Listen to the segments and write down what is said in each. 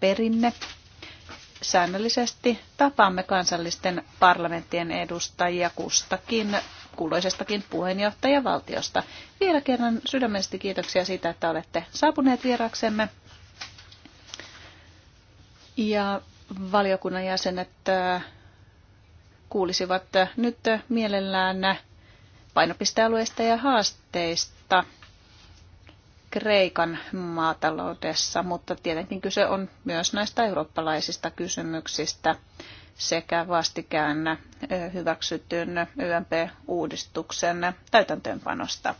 perinne. Säännöllisesti tapaamme kansallisten parlamenttien edustajia kustakin kuuloisestakin puheenjohtajavaltiosta. Vielä kerran sydämellisesti kiitoksia siitä, että olette saapuneet vieraksemme. Ja valiokunnan jäsenet äh, kuulisivat nyt mielellään painopistealueista ja haasteista. Kreikan maataloudessa, mutta tietenkin kyse on myös näistä eurooppalaisista kysymyksistä sekä vastikään hyväksytyn YMP-uudistuksen täytäntöönpanosta.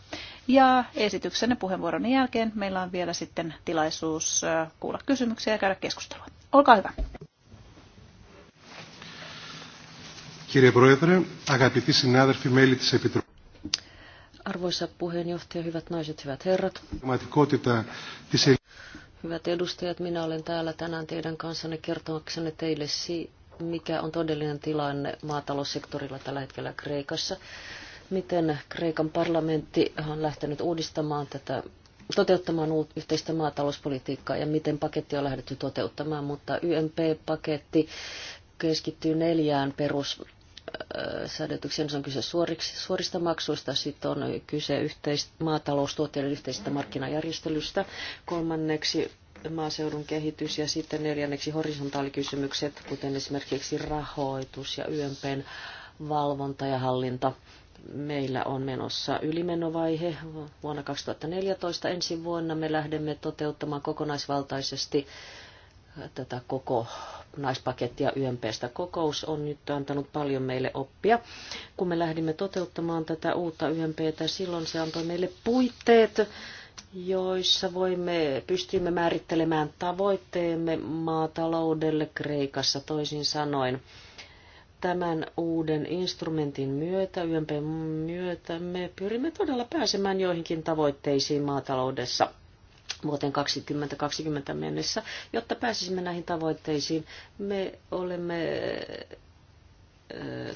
Ja esityksenne puheenvuoron jälkeen meillä on vielä sitten tilaisuus kuulla kysymyksiä ja käydä keskustelua. Olkaa hyvä. Κύριε Πρόεδρε, agapiti sinäderfi meili της Arvoisa puheenjohtaja, hyvät naiset, hyvät herrat. Hyvät edustajat, minä olen täällä tänään teidän kanssanne kertomaksenne teille siitä, mikä on todellinen tilanne maataloussektorilla tällä hetkellä Kreikassa. Miten Kreikan parlamentti on lähtenyt uudistamaan tätä toteuttamaan yhteistä maatalouspolitiikkaa ja miten paketti on lähdetty toteuttamaan, mutta YMP-paketti keskittyy neljään perus säädetyksiä. ensin on kyse suoriksi, suorista maksuista, sitten on kyse yhteis, maataloustuotteiden yhteisestä markkinajärjestelystä. Kolmanneksi maaseudun kehitys ja sitten neljänneksi horisontaalikysymykset, kuten esimerkiksi rahoitus ja YMPn valvonta ja hallinta. Meillä on menossa ylimenovaihe vuonna 2014. Ensi vuonna me lähdemme toteuttamaan kokonaisvaltaisesti tätä koko ja YMPstä. Kokous on nyt antanut paljon meille oppia. Kun me lähdimme toteuttamaan tätä uutta YMPtä, silloin se antoi meille puitteet, joissa voimme, pystymme määrittelemään tavoitteemme maataloudelle Kreikassa toisin sanoen tämän uuden instrumentin myötä, YMP myötä, me pyrimme todella pääsemään joihinkin tavoitteisiin maataloudessa vuoteen 2020 mennessä, jotta pääsisimme näihin tavoitteisiin. Me olemme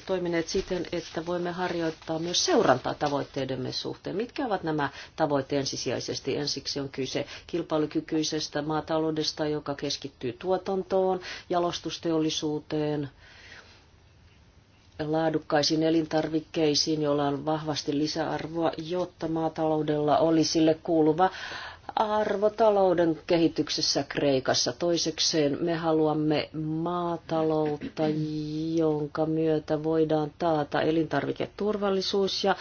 toimineet siten, että voimme harjoittaa myös seurantaa tavoitteidemme suhteen. Mitkä ovat nämä tavoitteet ensisijaisesti? Ensiksi on kyse kilpailukykyisestä maataloudesta, joka keskittyy tuotantoon, jalostusteollisuuteen, laadukkaisiin elintarvikkeisiin, joilla on vahvasti lisäarvoa, jotta maataloudella oli sille kuuluva arvotalouden kehityksessä Kreikassa. Toisekseen me haluamme maataloutta, jonka myötä voidaan taata elintarviketurvallisuus ja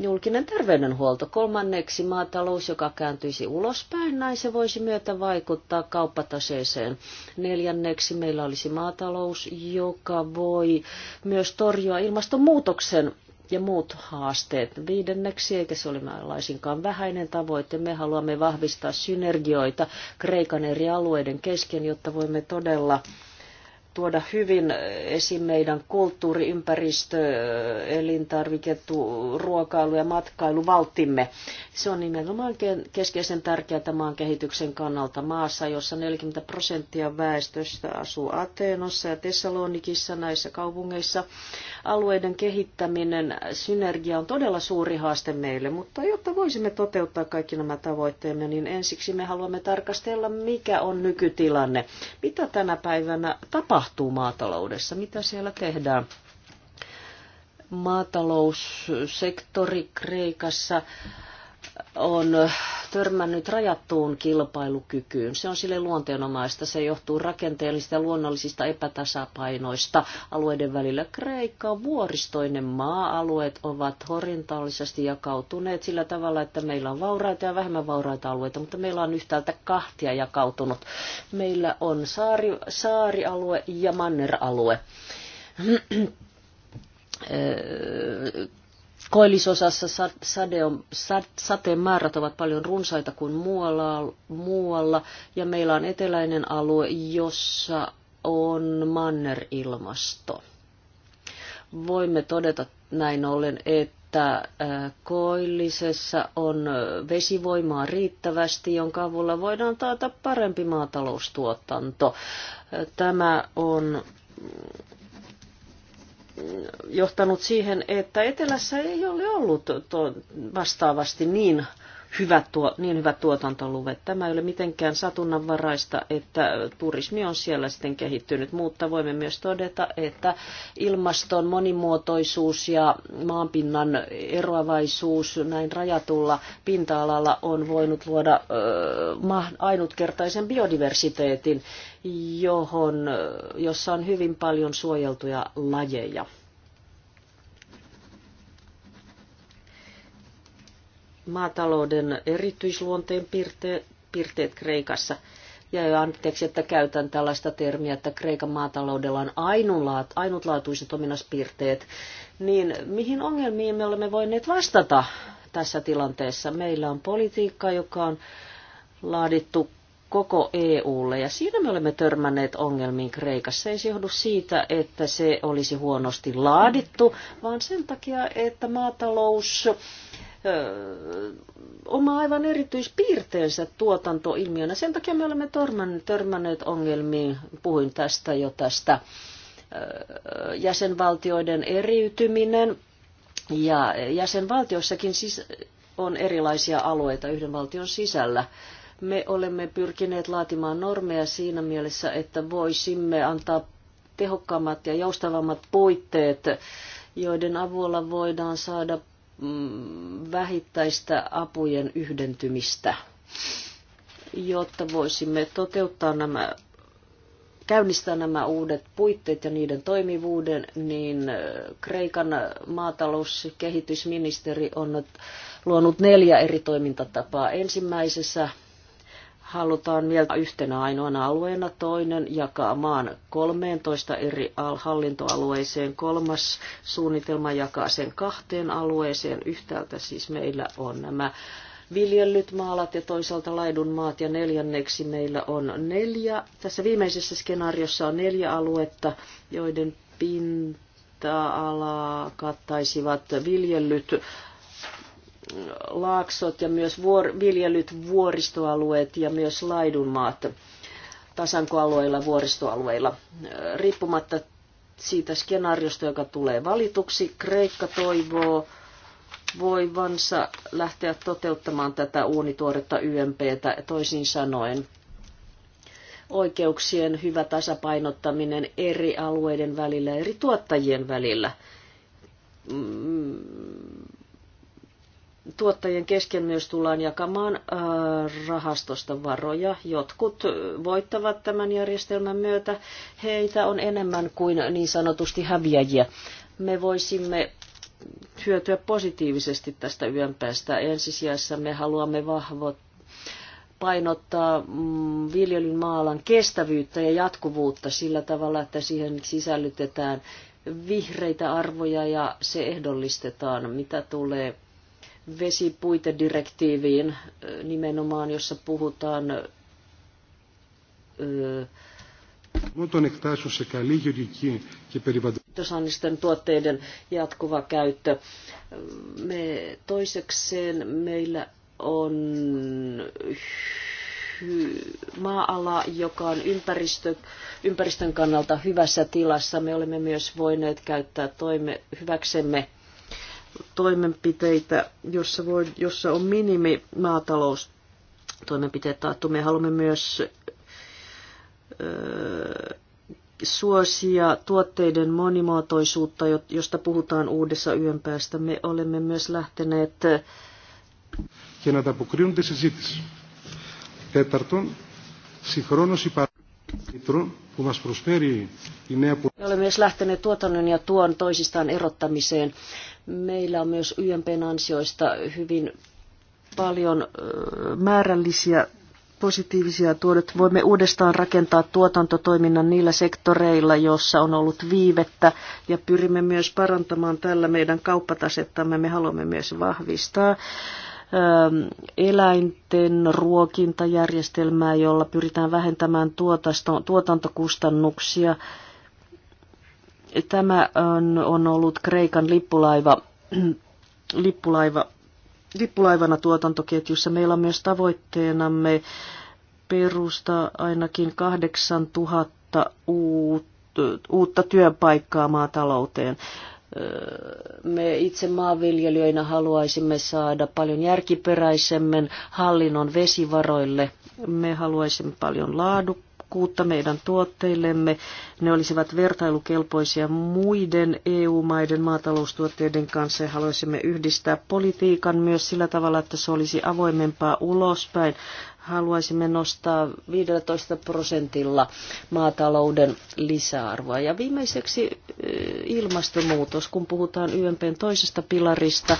julkinen terveydenhuolto. Kolmanneksi maatalous, joka kääntyisi ulospäin, näin se voisi myötä vaikuttaa kauppataseeseen. Neljänneksi meillä olisi maatalous, joka voi myös torjua ilmastonmuutoksen ja muut haasteet. Viidenneksi, eikä se ole laisinkaan vähäinen tavoite, me haluamme vahvistaa synergioita Kreikan eri alueiden kesken, jotta voimme todella tuoda hyvin esiin meidän kulttuuriympäristö, elintarviketu, ruokailu ja valtimme. Se on nimenomaan keskeisen tärkeää maan kehityksen kannalta maassa, jossa 40 prosenttia väestöstä asuu Ateenossa ja Tessalonikissa näissä kaupungeissa alueiden kehittäminen, synergia on todella suuri haaste meille, mutta jotta voisimme toteuttaa kaikki nämä tavoitteemme, niin ensiksi me haluamme tarkastella, mikä on nykytilanne, mitä tänä päivänä tapahtuu maataloudessa, mitä siellä tehdään maataloussektori Kreikassa on törmännyt rajattuun kilpailukykyyn. Se on sille luonteenomaista. Se johtuu rakenteellisista ja luonnollisista epätasapainoista alueiden välillä. Kreikka on vuoristoinen maa. Alueet ovat horintaalisesti jakautuneet sillä tavalla, että meillä on vauraita ja vähemmän vauraita alueita, mutta meillä on yhtäältä kahtia jakautunut. Meillä on saari, saarialue ja manneralue koillisosassa sateen määrät ovat paljon runsaita kuin muualla, muualla, ja meillä on eteläinen alue, jossa on mannerilmasto. Voimme todeta näin ollen, että koillisessa on vesivoimaa riittävästi, jonka avulla voidaan taata parempi maataloustuotanto. Tämä on johtanut siihen, että etelässä ei ole ollut vastaavasti niin hyvät tuo, niin hyvät tuotantoluvet. Tämä ei ole mitenkään satunnanvaraista, että turismi on siellä sitten kehittynyt, mutta voimme myös todeta, että ilmaston monimuotoisuus ja maanpinnan eroavaisuus näin rajatulla pinta-alalla on voinut luoda ainutkertaisen biodiversiteetin, johon, jossa on hyvin paljon suojeltuja lajeja. maatalouden erityisluonteen piirteet, piirteet Kreikassa. Ja anteeksi, että käytän tällaista termiä, että Kreikan maataloudella on ainutlaatuiset ominaispiirteet. Niin mihin ongelmiin me olemme voineet vastata tässä tilanteessa? Meillä on politiikka, joka on laadittu koko EUlle ja siinä me olemme törmänneet ongelmiin Kreikassa. Ei se johdu siitä, että se olisi huonosti laadittu, vaan sen takia, että maatalous oma aivan erityispiirteensä tuotantoilmiönä. Sen takia me olemme törmänneet ongelmiin. Puhuin tästä jo tästä jäsenvaltioiden eriytyminen. Ja jäsenvaltioissakin siis on erilaisia alueita yhden valtion sisällä. Me olemme pyrkineet laatimaan normeja siinä mielessä, että voisimme antaa tehokkaammat ja joustavammat puitteet, joiden avulla voidaan saada Mm, vähittäistä apujen yhdentymistä, jotta voisimme toteuttaa nämä käynnistää nämä uudet puitteet ja niiden toimivuuden, niin äh, Kreikan maatalouskehitysministeri on luonut neljä eri toimintatapaa. Ensimmäisessä halutaan mieltä yhtenä ainoana alueena, toinen jakaa maan 13 eri hallintoalueeseen, kolmas suunnitelma jakaa sen kahteen alueeseen. Yhtäältä siis meillä on nämä viljellyt maalat ja toisaalta laidunmaat ja neljänneksi meillä on neljä. Tässä viimeisessä skenaariossa on neljä aluetta, joiden pinta-alaa kattaisivat viljellyt laaksot ja myös vuor, viljelyt vuoristoalueet ja myös laidunmaat tasankoalueilla, vuoristoalueilla. Riippumatta siitä skenaariosta, joka tulee valituksi, Kreikka toivoo voivansa lähteä toteuttamaan tätä uunituoretta YMPtä toisin sanoen oikeuksien hyvä tasapainottaminen eri alueiden välillä, eri tuottajien välillä mm, tuottajien kesken myös tullaan jakamaan äh, rahastosta varoja. Jotkut voittavat tämän järjestelmän myötä. Heitä on enemmän kuin niin sanotusti häviäjiä. Me voisimme hyötyä positiivisesti tästä yönpäästä. Ensisijassa me haluamme vahvot painottaa mm, viljelyn maalan kestävyyttä ja jatkuvuutta sillä tavalla, että siihen sisällytetään vihreitä arvoja ja se ehdollistetaan, mitä tulee vesipuitedirektiiviin nimenomaan, jossa puhutaan Tosannisten tuotteiden jatkuva käyttö. Me toisekseen meillä on maa-ala, joka on ympäristö, ympäristön kannalta hyvässä tilassa. Me olemme myös voineet käyttää toime hyväksemme toimenpiteitä, jossa, voi, jossa on minimi maatalous toimenpiteet taattu. Me haluamme myös öö, suosia tuotteiden monimuotoisuutta, josta puhutaan uudessa yön päästä. Me olemme myös lähteneet για να ανταποκρίνονται σε ζήτηση. Τέταρτον, συγχρόνως Olemme myös lähteneet tuotannon ja tuon toisistaan erottamiseen. Meillä on myös YMPn ansioista hyvin paljon määrällisiä positiivisia tuotteita. Voimme uudestaan rakentaa tuotantotoiminnan niillä sektoreilla, joissa on ollut viivettä ja pyrimme myös parantamaan tällä meidän kauppatasettamme. Me haluamme myös vahvistaa Ähm, eläinten ruokintajärjestelmää, jolla pyritään vähentämään tuotantokustannuksia. Tämä on, on ollut Kreikan lippulaiva, lippulaiva, lippulaivana tuotantoketjussa. Meillä on myös tavoitteenamme perusta ainakin 8000 uutta uutta työpaikkaa maatalouteen me itse maanviljelijöinä haluaisimme saada paljon järkiperäisemmän hallinnon vesivaroille. Me haluaisimme paljon laadukkaampaa tehokkuutta meidän tuotteillemme. Ne olisivat vertailukelpoisia muiden EU-maiden maataloustuotteiden kanssa ja haluaisimme yhdistää politiikan myös sillä tavalla, että se olisi avoimempaa ulospäin. Haluaisimme nostaa 15 prosentilla maatalouden lisäarvoa. Ja viimeiseksi eh, ilmastonmuutos, kun puhutaan YMPn toisesta pilarista,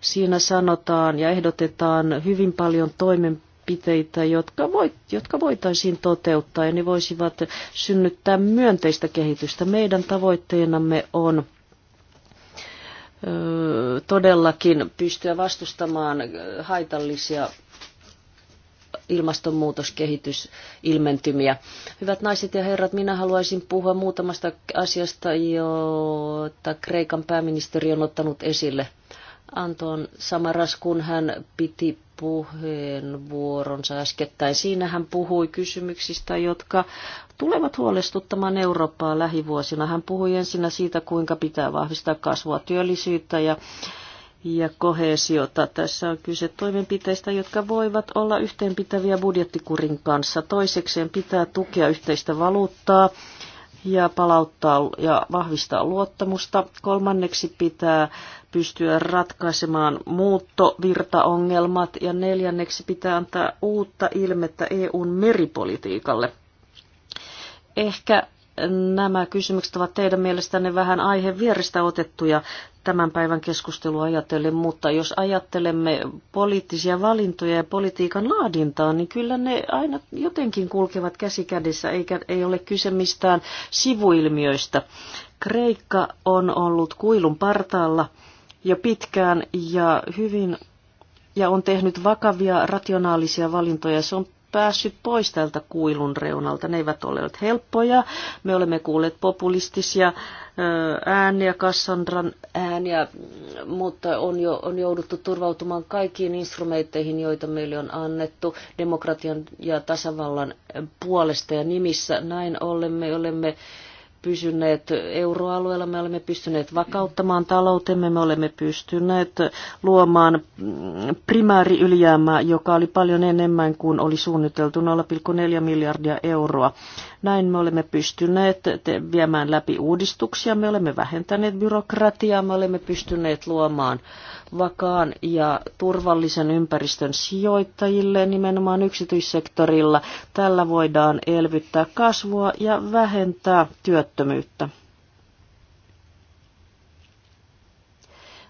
siinä sanotaan ja ehdotetaan hyvin paljon toimenpiteitä toimenpiteitä, jotka, voit, jotka voitaisiin toteuttaa ja ne voisivat synnyttää myönteistä kehitystä. Meidän tavoitteenamme on todellakin pystyä vastustamaan haitallisia ilmastonmuutoskehitysilmentymiä. Hyvät naiset ja herrat, minä haluaisin puhua muutamasta asiasta, jota Kreikan pääministeri on ottanut esille. Anton Samaras, kun hän piti puheenvuoronsa äskettäin. Siinä hän puhui kysymyksistä, jotka tulevat huolestuttamaan Eurooppaa lähivuosina. Hän puhui ensinnä siitä, kuinka pitää vahvistaa kasvua, työllisyyttä ja, ja kohesiota. Tässä on kyse toimenpiteistä, jotka voivat olla yhteenpitäviä budjettikurin kanssa. Toisekseen pitää tukea yhteistä valuuttaa ja palauttaa ja vahvistaa luottamusta. Kolmanneksi pitää pystyä ratkaisemaan muuttovirtaongelmat ja neljänneksi pitää antaa uutta ilmettä EUn meripolitiikalle. Ehkä nämä kysymykset ovat teidän mielestänne vähän aihe vierestä otettuja tämän päivän keskustelua ajatellen, mutta jos ajattelemme poliittisia valintoja ja politiikan laadintaa, niin kyllä ne aina jotenkin kulkevat käsi kädessä, eikä ei ole kyse mistään sivuilmiöistä. Kreikka on ollut kuilun partaalla jo pitkään ja hyvin ja on tehnyt vakavia rationaalisia valintoja. Se on päässyt pois tältä kuilun reunalta. Ne eivät ole olleet helppoja. Me olemme kuulleet populistisia ääniä, Kassandran ääniä, mutta on, jo, on jouduttu turvautumaan kaikkiin instrumentteihin, joita meille on annettu demokratian ja tasavallan puolesta ja nimissä. Näin ollen me olemme pysyneet euroalueella, me olemme pystyneet vakauttamaan taloutemme, me olemme pystyneet luomaan mm, primääriylijäämää, joka oli paljon enemmän kuin oli suunniteltu 0,4 miljardia euroa näin me olemme pystyneet viemään läpi uudistuksia, me olemme vähentäneet byrokratiaa, me olemme pystyneet luomaan vakaan ja turvallisen ympäristön sijoittajille nimenomaan yksityissektorilla. Tällä voidaan elvyttää kasvua ja vähentää työttömyyttä.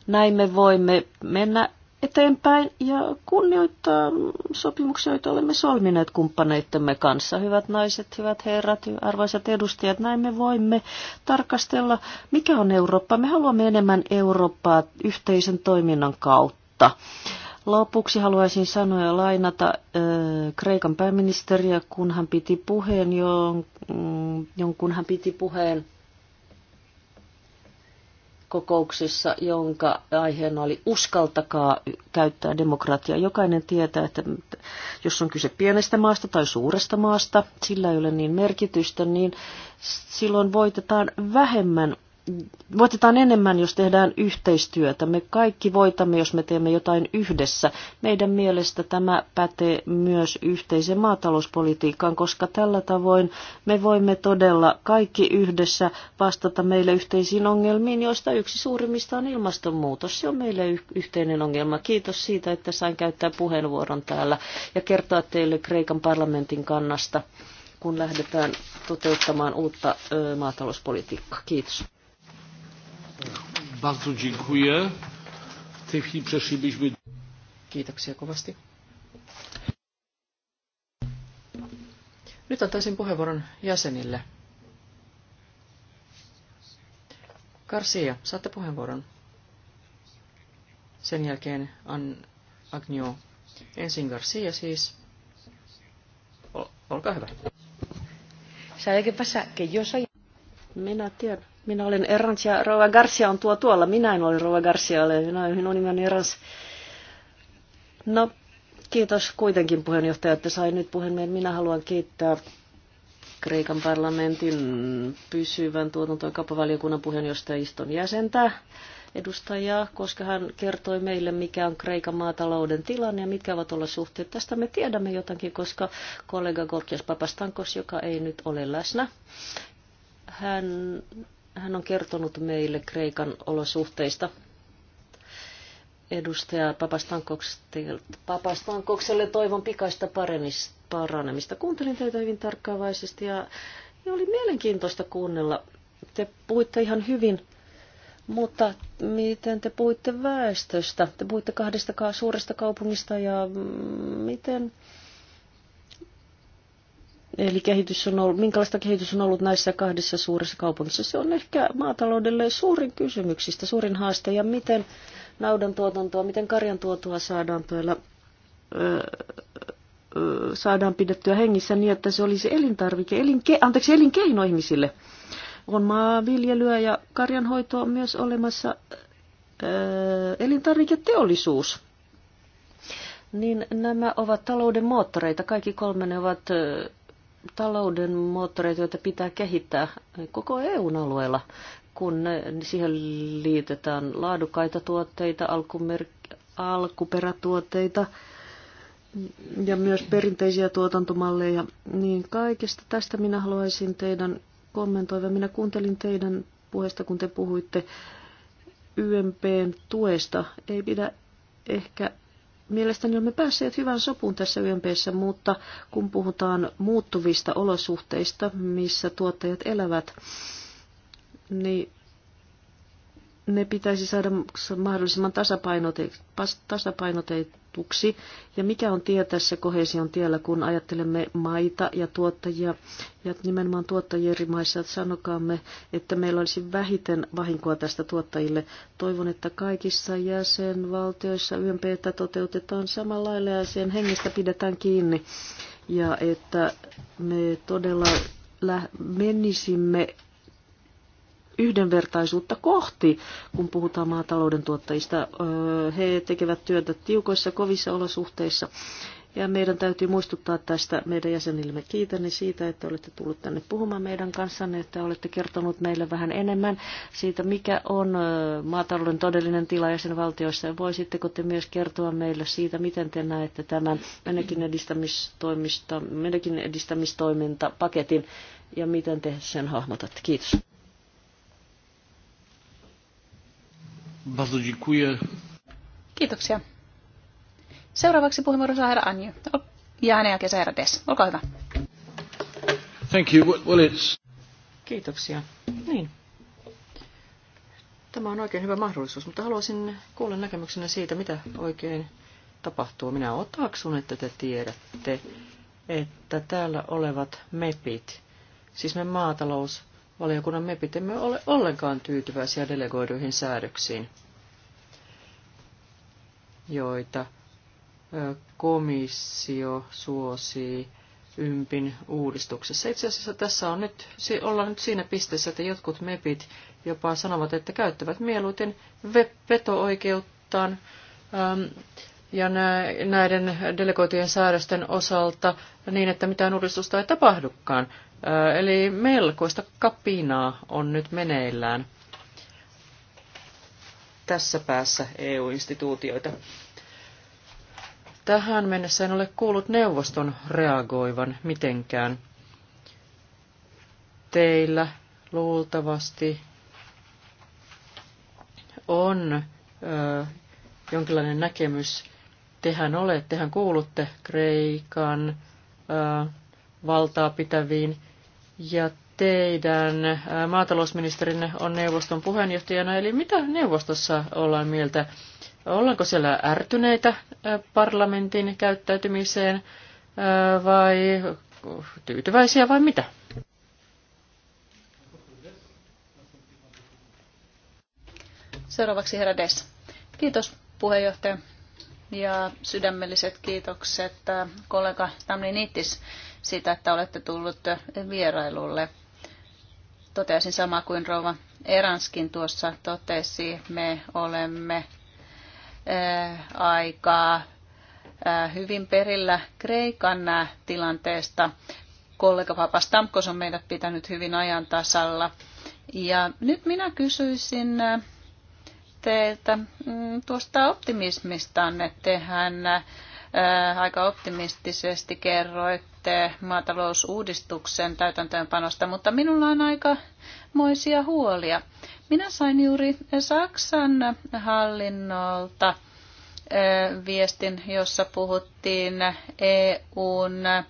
Näin me voimme mennä eteenpäin ja kunnioittaa sopimuksia, joita olemme solmineet kumppaneittemme kanssa. Hyvät naiset, hyvät herrat, arvoisat edustajat, näin me voimme tarkastella, mikä on Eurooppa. Me haluamme enemmän Eurooppaa yhteisen toiminnan kautta. Lopuksi haluaisin sanoa ja lainata äh, Kreikan pääministeriä, kun hän piti puheen, jo, mm, jonkun hän piti puheen kokouksessa, jonka aiheena oli uskaltakaa käyttää demokratiaa. Jokainen tietää, että jos on kyse pienestä maasta tai suuresta maasta, sillä ei ole niin merkitystä, niin silloin voitetaan vähemmän voitetaan enemmän, jos tehdään yhteistyötä. Me kaikki voitamme, jos me teemme jotain yhdessä. Meidän mielestä tämä pätee myös yhteisen maatalouspolitiikkaan, koska tällä tavoin me voimme todella kaikki yhdessä vastata meille yhteisiin ongelmiin, joista yksi suurimmista on ilmastonmuutos. Se on meille yhteinen ongelma. Kiitos siitä, että sain käyttää puheenvuoron täällä ja kertoa teille Kreikan parlamentin kannasta kun lähdetään toteuttamaan uutta maatalouspolitiikkaa. Kiitos. Bardzo dziękuję. W tej chwili przeszlibyśmy... Kiitoksia kovasti. Nyt antaisin puheenvuoron jäsenille. Garcia, saatte puheenvuoron. Sen jälkeen An Agnio. Ensin Garcia siis. Ol, olkaa hyvä. ¿Sabe qué pasa? Que yo soy... Minä tiedän. Minä olen Errans ja Rova Garcia on tuo tuolla. Minä en ole Rova Garcia, olen. minä, minun nimeni Errans. No, kiitos kuitenkin puheenjohtaja, että sain nyt puhemiehen. Minä haluan kiittää Kreikan parlamentin pysyvän tuotanto- ja kauppavaliokunnan puheenjohtaja Iston jäsentä edustajaa, koska hän kertoi meille, mikä on Kreikan maatalouden tilanne ja mitkä ovat olla suhteet. Tästä me tiedämme jotakin, koska kollega Gorkias Papastankos, joka ei nyt ole läsnä, hän, hän on kertonut meille Kreikan olosuhteista. Edustaja Papastankokselle toivon pikaista paranemista. Kuuntelin teitä hyvin tarkkaavaisesti ja, ja oli mielenkiintoista kuunnella. Te puhuitte ihan hyvin mutta miten te puhuitte väestöstä? Te puhuitte kahdesta suuresta kaupungista ja mm, miten Eli kehitys on ollut, minkälaista kehitys on ollut näissä kahdessa suuressa kaupungissa? Se on ehkä maataloudelle suurin kysymyksistä, suurin haaste. Ja miten naudan tuotantoa, miten karjan tuotua saadaan tuolla, öö, öö, saadaan pidettyä hengissä niin, että se olisi elintarvike, elinke, anteeksi, elinkeino ihmisille. On maanviljelyä ja karjanhoitoa on myös olemassa öö, elintarviketeollisuus niin nämä ovat talouden moottoreita. Kaikki kolme ne ovat talouden moottoreita, joita pitää kehittää koko EUn alueella, kun siihen liitetään laadukkaita tuotteita, alkumer- alkuperätuotteita ja myös perinteisiä tuotantomalleja, niin kaikesta tästä minä haluaisin teidän kommentoida. Minä kuuntelin teidän puheesta, kun te puhuitte YMPn tuesta. Ei pidä ehkä mielestäni olemme päässeet hyvän sopuun tässä YMPssä, mutta kun puhutaan muuttuvista olosuhteista, missä tuottajat elävät, niin ne pitäisi saada mahdollisimman tasapainotetuksi. Ja mikä on tie tässä kohesion tiellä, kun ajattelemme maita ja tuottajia, ja nimenomaan tuottajia eri maissa, että sanokaamme, että meillä olisi vähiten vahinkoa tästä tuottajille. Toivon, että kaikissa jäsenvaltioissa YMPtä toteutetaan samalla lailla ja sen hengestä pidetään kiinni. Ja että me todella menisimme yhdenvertaisuutta kohti, kun puhutaan maatalouden tuottajista. He tekevät työtä tiukoissa, kovissa olosuhteissa. Ja meidän täytyy muistuttaa tästä meidän jäsenillemme. Kiitän siitä, että olette tullut tänne puhumaan meidän kanssanne, että olette kertonut meille vähän enemmän siitä, mikä on maatalouden todellinen tila jäsenvaltioissa. Voisitteko te myös kertoa meille siitä, miten te näette tämän menekin, edistämistoimista, menekin edistämistoimintapaketin ja miten te sen hahmotatte? Kiitos. Bardzo dziękuję. Kiitoksia. Seuraavaksi puheenvuoro saa herra Anju. Ja hänen jälkeensä herra Des. Olkaa hyvä. Thank you. Well, it's... Kiitoksia. Niin. Tämä on oikein hyvä mahdollisuus, mutta haluaisin kuulla näkemyksenä siitä, mitä oikein tapahtuu. Minä otaksun, että te tiedätte, että täällä olevat MEPit, siis me maatalous, valiokunnan mepit emme ole ollenkaan tyytyväisiä delegoiduihin säädöksiin, joita komissio suosii ympin uudistuksessa. Itse asiassa tässä on nyt, ollaan nyt siinä pisteessä, että jotkut mepit jopa sanovat, että käyttävät mieluiten veto-oikeuttaan ja näiden delegoitujen säädösten osalta niin, että mitään uudistusta ei tapahdukaan. Eli melkoista kapinaa on nyt meneillään tässä päässä EU-instituutioita. Tähän mennessä en ole kuullut neuvoston reagoivan mitenkään. Teillä luultavasti on ö, jonkinlainen näkemys. Tehän olette, tehän kuulutte Kreikan ö, valtaa pitäviin ja teidän äh, maatalousministerinne on neuvoston puheenjohtajana, eli mitä neuvostossa ollaan mieltä? Ollaanko siellä ärtyneitä äh, parlamentin käyttäytymiseen äh, vai tyytyväisiä vai mitä? Seuraavaksi herra Des. Kiitos puheenjohtaja ja sydämelliset kiitokset kollega Nittis sitä, että olette tullut vierailulle. Toteaisin sama kuin Rova Eranskin tuossa totesi, me olemme eh, aikaa eh, hyvin perillä Kreikan eh, tilanteesta. Kollega Papastamkos on meidät pitänyt hyvin ajan tasalla. Ja nyt minä kysyisin teiltä mm, tuosta optimismistanne. Tehän Äh, aika optimistisesti kerroitte maatalousuudistuksen täytäntöönpanosta, mutta minulla on aika moisia huolia. Minä sain juuri Saksan hallinnolta äh, viestin, jossa puhuttiin EUn äh,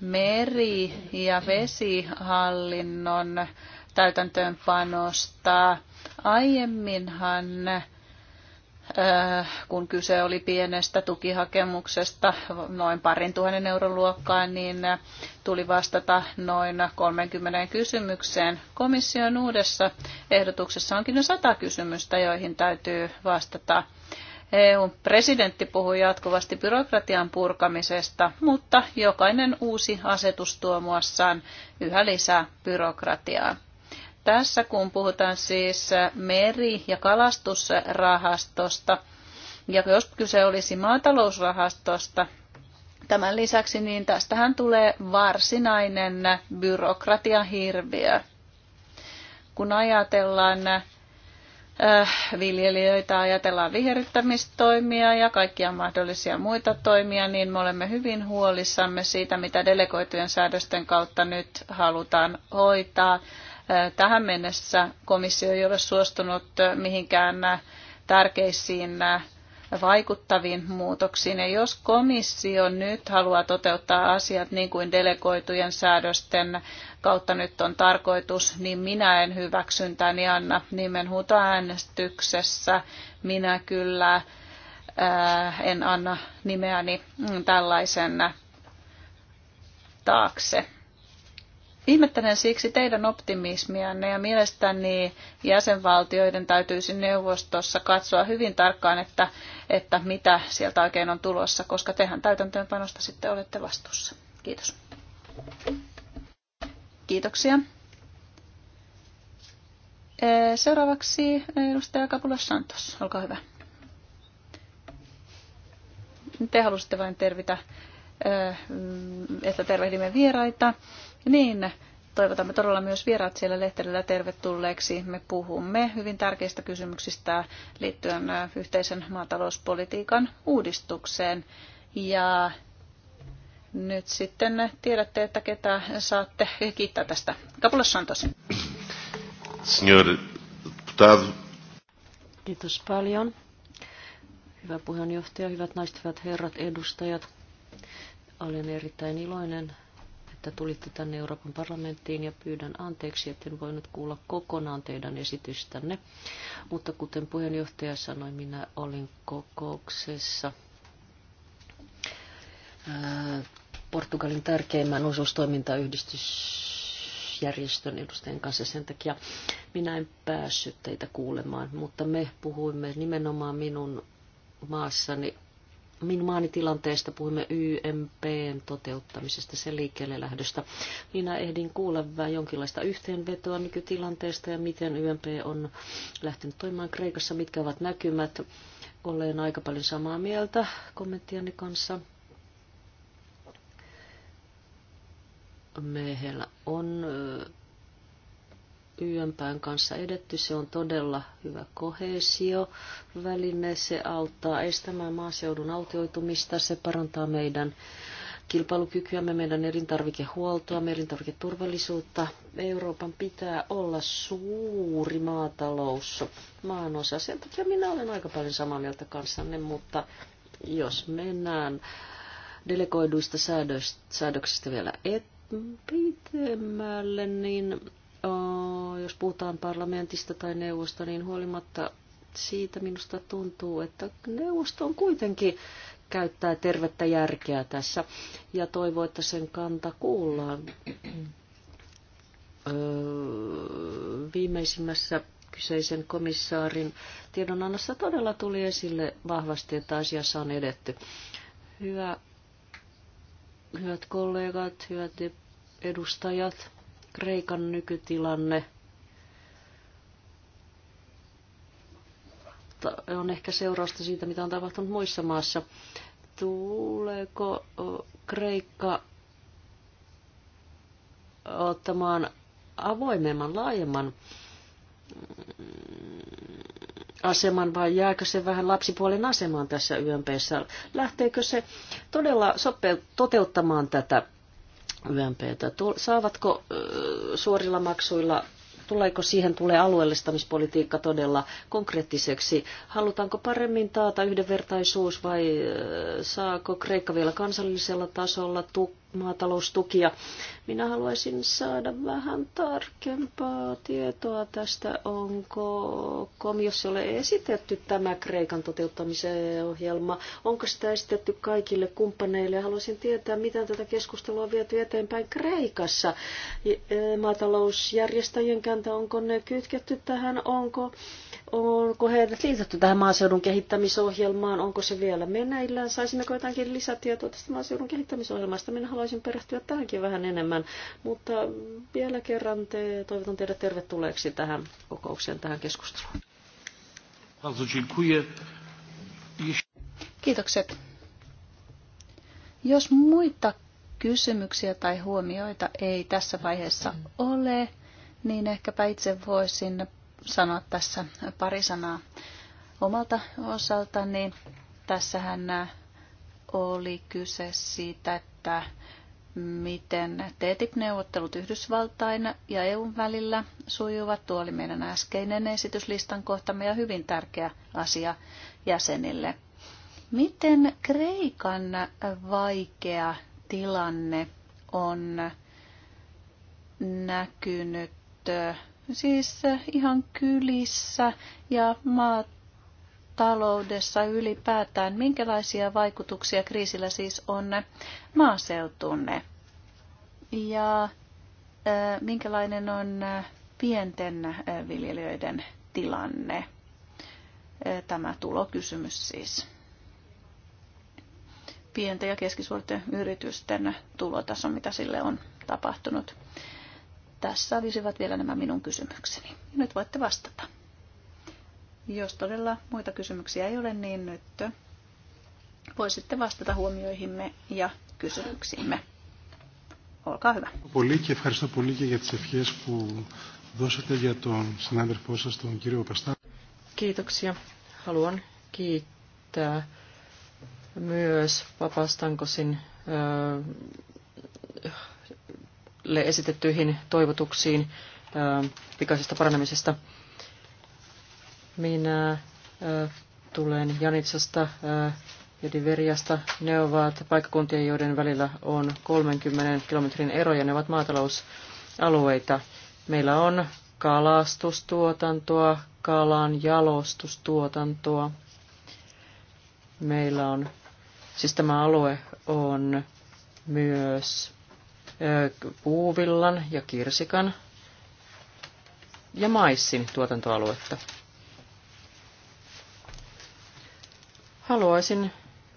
meri- ja vesihallinnon täytäntöönpanosta. Aiemminhan Äh, kun kyse oli pienestä tukihakemuksesta noin parin tuhannen euron luokkaan, niin äh, tuli vastata noin 30 kysymykseen. Komission uudessa ehdotuksessa onkin jo sata kysymystä, joihin täytyy vastata. eu presidentti puhui jatkuvasti byrokratian purkamisesta, mutta jokainen uusi asetus tuo muassaan yhä lisää byrokratiaa. Tässä kun puhutaan siis meri- ja kalastusrahastosta, ja jos kyse olisi maatalousrahastosta, tämän lisäksi, niin tästähän tulee varsinainen byrokratiahirviö. Kun ajatellaan äh, viljelijöitä, ajatellaan viherryttämistoimia ja kaikkia mahdollisia muita toimia, niin me olemme hyvin huolissamme siitä, mitä delegoitujen säädösten kautta nyt halutaan hoitaa. Tähän mennessä komissio ei ole suostunut mihinkään tärkeisiin vaikuttaviin muutoksiin. Ja jos komissio nyt haluaa toteuttaa asiat niin kuin delegoitujen säädösten kautta nyt on tarkoitus, niin minä en hyväksyntäni niin anna nimenhuutoäänestyksessä. Minä kyllä ää, en anna nimeäni tällaisen taakse. Ihmettelen siksi teidän optimismianne ja mielestäni jäsenvaltioiden täytyisi neuvostossa katsoa hyvin tarkkaan, että, että mitä sieltä oikein on tulossa, koska tehän täytäntöönpanosta sitten olette vastuussa. Kiitos. Kiitoksia. Seuraavaksi edustaja Kapula Santos, olkaa hyvä. Te halusitte vain tervitä, että tervehdimme vieraita. Niin, toivotamme todella myös vieraat siellä lehterillä tervetulleeksi. Me puhumme hyvin tärkeistä kysymyksistä liittyen yhteisen maatalouspolitiikan uudistukseen. Ja nyt sitten tiedätte, että ketä saatte kiittää tästä. Kapula Santos. deputado. Kiitos paljon. Hyvä puheenjohtaja, hyvät naiset, hyvät herrat, edustajat. Olen erittäin iloinen että tulitte tänne Euroopan parlamenttiin ja pyydän anteeksi, että en voinut kuulla kokonaan teidän esitystänne. Mutta kuten puheenjohtaja sanoi, minä olin kokouksessa Portugalin tärkeimmän osuustoimintayhdistysjärjestön edustajien kanssa. Sen takia minä en päässyt teitä kuulemaan, mutta me puhuimme nimenomaan minun maassani Minun tilanteesta puhumme YMPn toteuttamisesta, sen liikkeelle lähdöstä. Minä ehdin kuulla vähän jonkinlaista yhteenvetoa nykytilanteesta ja miten YMP on lähtenyt toimimaan Kreikassa, mitkä ovat näkymät. Olen aika paljon samaa mieltä kommenttienne kanssa. Meillä on YMPn kanssa edetty. Se on todella hyvä kohesio väline. Se auttaa estämään maaseudun autioitumista. Se parantaa meidän kilpailukykyämme, meidän elintarvikehuoltoa, meidän elintarviketurvallisuutta. Euroopan pitää olla suuri maatalous, maanosa. Sen takia minä olen aika paljon samaa mieltä kanssanne, mutta jos mennään delegoiduista säädöksistä vielä et, pitemmälle, niin jos puhutaan parlamentista tai neuvosta, niin huolimatta siitä minusta tuntuu, että neuvosto on kuitenkin käyttää tervettä järkeä tässä ja toivoo, että sen kanta kuullaan. Öö, viimeisimmässä kyseisen komissaarin tiedonannossa todella tuli esille vahvasti, että asiassa on edetty. Hyvä, hyvät kollegat, hyvät edustajat, Kreikan nykytilanne on ehkä seurausta siitä, mitä on tapahtunut muissa maissa. Tuleeko Kreikka ottamaan avoimemman, laajemman mm, aseman vai jääkö se vähän lapsipuolen asemaan tässä YMPssä? Lähteekö se todella sopeu- toteuttamaan tätä YMPtä. Saavatko suorilla maksuilla tuleeko siihen tulee alueellistamispolitiikka todella konkreettiseksi? Halutaanko paremmin taata yhdenvertaisuus vai saako Kreikka vielä kansallisella tasolla maataloustukia. Minä haluaisin saada vähän tarkempaa tietoa tästä, onko ole esitetty tämä Kreikan toteuttamisen ohjelma, onko sitä esitetty kaikille kumppaneille. Haluaisin tietää, miten tätä keskustelua on viety eteenpäin Kreikassa. E, maatalousjärjestäjien kanta, onko ne kytketty tähän, onko Onko heidät liitetty tähän maaseudun kehittämisohjelmaan? Onko se vielä meneillään? Saisimmeko jotakin lisätietoa tästä maaseudun kehittämisohjelmasta? Minä haluaisin perehtyä tähänkin vähän enemmän. Mutta vielä kerran te, toivotan teidät tervetulleeksi tähän kokoukseen, tähän keskusteluun. Kiitokset. Jos muita kysymyksiä tai huomioita ei tässä vaiheessa ole, niin ehkäpä itse voisin sanoa tässä pari sanaa omalta osaltani. Tässähän äh, oli kyse siitä, että miten TTIP-neuvottelut e Yhdysvaltain ja EUn välillä sujuvat. Tuo oli meidän äskeinen esityslistan kohtamme ja hyvin tärkeä asia jäsenille. Miten Kreikan vaikea tilanne on näkynyt äh, Siis eh, ihan kylissä ja maataloudessa ylipäätään. Minkälaisia vaikutuksia kriisillä siis on maaseutunne? Ja eh, minkälainen on eh, pienten viljelijöiden tilanne? Tämä tulokysymys siis. Pienten ja keskisuurten yritysten tulotaso, mitä sille on tapahtunut. Tässä olisivat vielä nämä minun kysymykseni. Nyt voitte vastata. Jos todella muita kysymyksiä ei ole, niin nyt voisitte vastata huomioihimme ja kysymyksiimme. Olkaa hyvä. Πολύ και ευχαριστώ πολύ και για τις ευχές που δώσατε για τον συνάδελφό σας, τον κύριο Καστά. Kiitoksia. Haluan kiittää myös Papastankosin esitettyihin toivotuksiin äh, pikaisesta paranemisesta. Minä äh, tulen Janitsasta äh, ja Diveriasta. Ne ovat paikkakuntia, joiden välillä on 30 kilometrin ero ja ne ovat maatalousalueita. Meillä on kalastustuotantoa, kalan jalostustuotantoa. Meillä on, siis tämä alue on myös puuvillan ja kirsikan ja maissin tuotantoaluetta. Haluaisin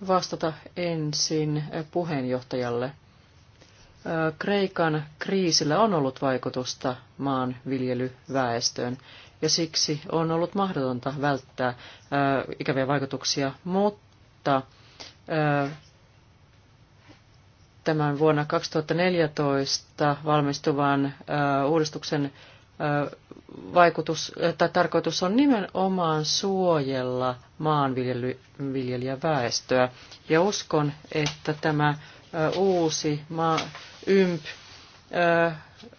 vastata ensin puheenjohtajalle. Kreikan kriisillä on ollut vaikutusta maan viljelyväestöön ja siksi on ollut mahdotonta välttää ikäviä vaikutuksia, mutta tämän vuonna 2014 valmistuvan uudistuksen vaikutus tai tarkoitus on nimenomaan suojella maanviljelijäväestöä. Ja uskon, että tämä uusi maa, YMP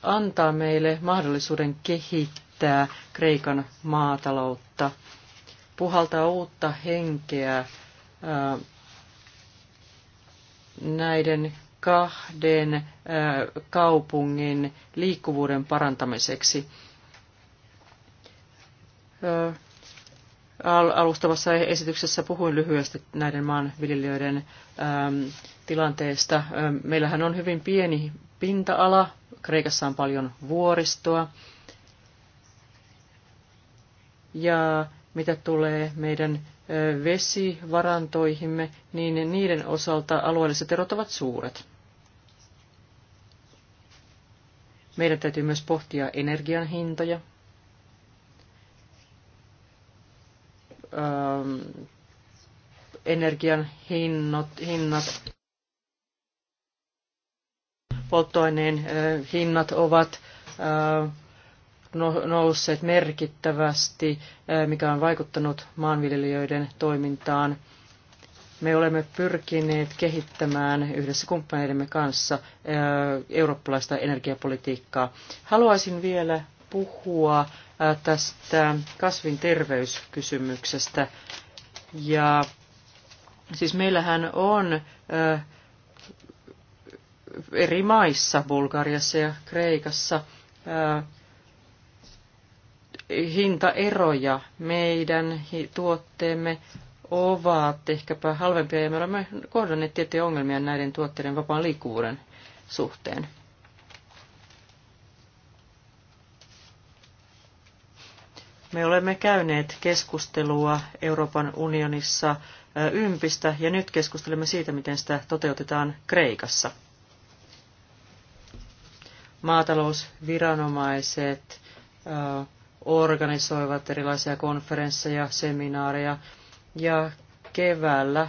antaa meille mahdollisuuden kehittää Kreikan maataloutta, puhaltaa uutta henkeä näiden kahden kaupungin liikkuvuuden parantamiseksi. Alustavassa esityksessä puhuin lyhyesti näiden maanviljelijöiden tilanteesta. Meillähän on hyvin pieni pinta-ala. Kreikassa on paljon vuoristoa. Ja mitä tulee meidän vesivarantoihimme, niin niiden osalta alueelliset erot ovat suuret. Meidän täytyy myös pohtia energian hintoja, energian hinnot, hinnat, polttoaineen hinnat ovat No, nousseet merkittävästi, mikä on vaikuttanut maanviljelijöiden toimintaan. Me olemme pyrkineet kehittämään yhdessä kumppaneidemme kanssa eurooppalaista energiapolitiikkaa. Haluaisin vielä puhua tästä kasvin terveyskysymyksestä Ja siis meillähän on eri maissa, Bulgariassa ja Kreikassa, hintaeroja. Meidän tuotteemme ovat ehkäpä halvempia ja me olemme kohdanneet tiettyjä ongelmia näiden tuotteiden vapaan liikkuvuuden suhteen. Me olemme käyneet keskustelua Euroopan unionissa ympistä ja nyt keskustelemme siitä, miten sitä toteutetaan Kreikassa. Maatalousviranomaiset, organisoivat erilaisia konferensseja, seminaareja ja keväällä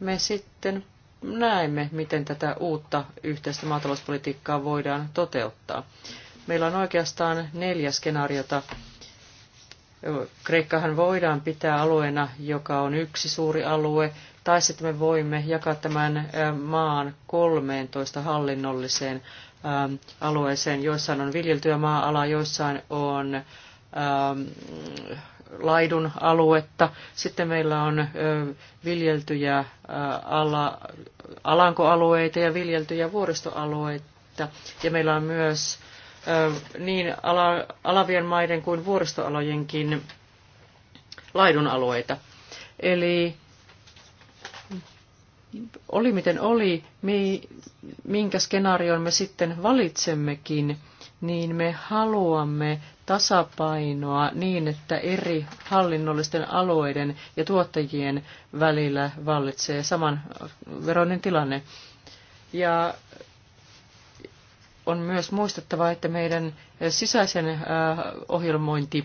me sitten näemme, miten tätä uutta yhteistä maatalouspolitiikkaa voidaan toteuttaa. Meillä on oikeastaan neljä skenaariota. Kreikkahan voidaan pitää alueena, joka on yksi suuri alue, tai sitten me voimme jakaa tämän maan 13 hallinnolliseen alueeseen, joissain on viljeltyä maa ala joissain on Ähm, laidun aluetta. Sitten meillä on viljeltyjä ala, alankoalueita ja viljeltyjä vuoristoalueita. Ja meillä on myös niin ala, alavien maiden kuin vuoristoalojenkin laidun alueita. Eli oli miten oli, minkä skenaarion me sitten valitsemmekin – niin me haluamme tasapainoa niin, että eri hallinnollisten alueiden ja tuottajien välillä vallitsee saman veroinen tilanne. Ja on myös muistettava, että meidän sisäisen äh, ohjelmointi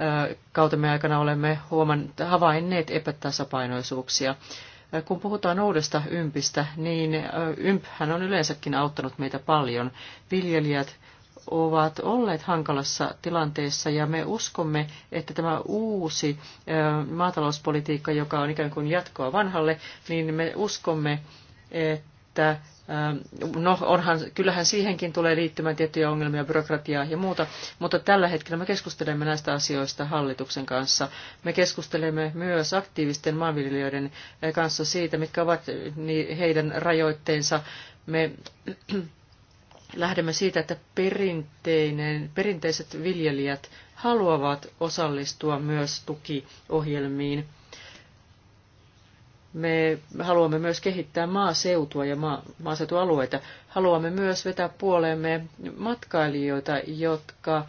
äh, kautemme aikana olemme huomannut havainneet epätasapainoisuuksia. Äh, kun puhutaan uudesta ympistä, niin ymphän on yleensäkin auttanut meitä paljon. Viljelijät ovat olleet hankalassa tilanteessa ja me uskomme, että tämä uusi maatalouspolitiikka, joka on ikään kuin jatkoa vanhalle, niin me uskomme, että No, onhan, kyllähän siihenkin tulee liittymään tiettyjä ongelmia, byrokratiaa ja muuta, mutta tällä hetkellä me keskustelemme näistä asioista hallituksen kanssa. Me keskustelemme myös aktiivisten maanviljelijöiden kanssa siitä, mitkä ovat heidän rajoitteensa. Me lähdemme siitä, että perinteinen, perinteiset viljelijät haluavat osallistua myös tukiohjelmiin. Me haluamme myös kehittää maaseutua ja ma- maaseutualueita. Haluamme myös vetää puoleemme matkailijoita, jotka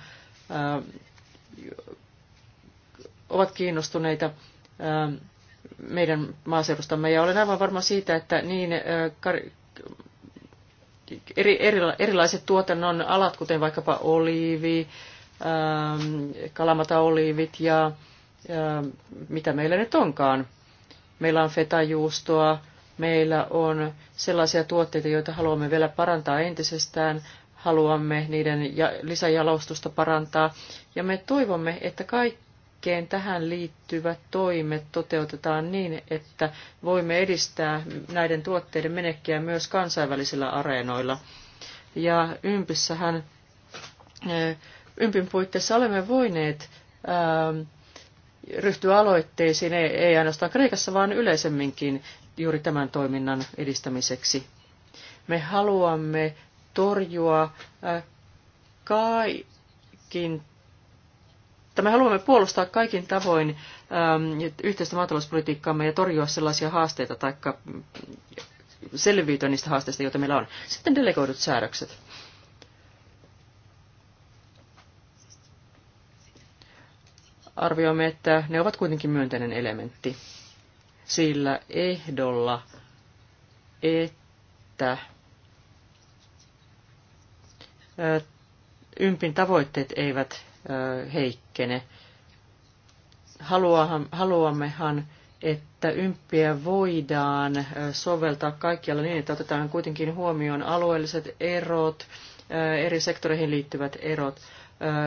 ää, äh, ovat kiinnostuneita ää, äh, meidän maaseudustamme. Ja olen aivan varma siitä, että niin ää, äh, eri, erilaiset tuotannon alat, kuten vaikkapa oliivi, ähm, kalamataoliivit ja ähm, mitä meillä nyt onkaan. Meillä on fetajuustoa, meillä on sellaisia tuotteita, joita haluamme vielä parantaa entisestään, haluamme niiden lisäjalostusta parantaa. Ja me toivomme, että kaikki kaikkeen tähän liittyvät toimet toteutetaan niin, että voimme edistää näiden tuotteiden menekkiä myös kansainvälisillä areenoilla. Ja ympissähän, ympin puitteissa olemme voineet ähm, ryhtyä aloitteisiin, ei, ei ainoastaan Kreikassa, vaan yleisemminkin juuri tämän toiminnan edistämiseksi. Me haluamme torjua äh, kaikin että me haluamme puolustaa kaikin tavoin äm, yhteistä maatalouspolitiikkaamme ja torjua sellaisia haasteita tai selviytyä niistä haasteista, joita meillä on. Sitten delegoidut säädökset. Arvioimme, että ne ovat kuitenkin myönteinen elementti sillä ehdolla, että äh, ympin tavoitteet eivät heikkene. Haluammehan, että ympiä voidaan soveltaa kaikkialla niin, että otetaan kuitenkin huomioon alueelliset erot, eri sektoreihin liittyvät erot,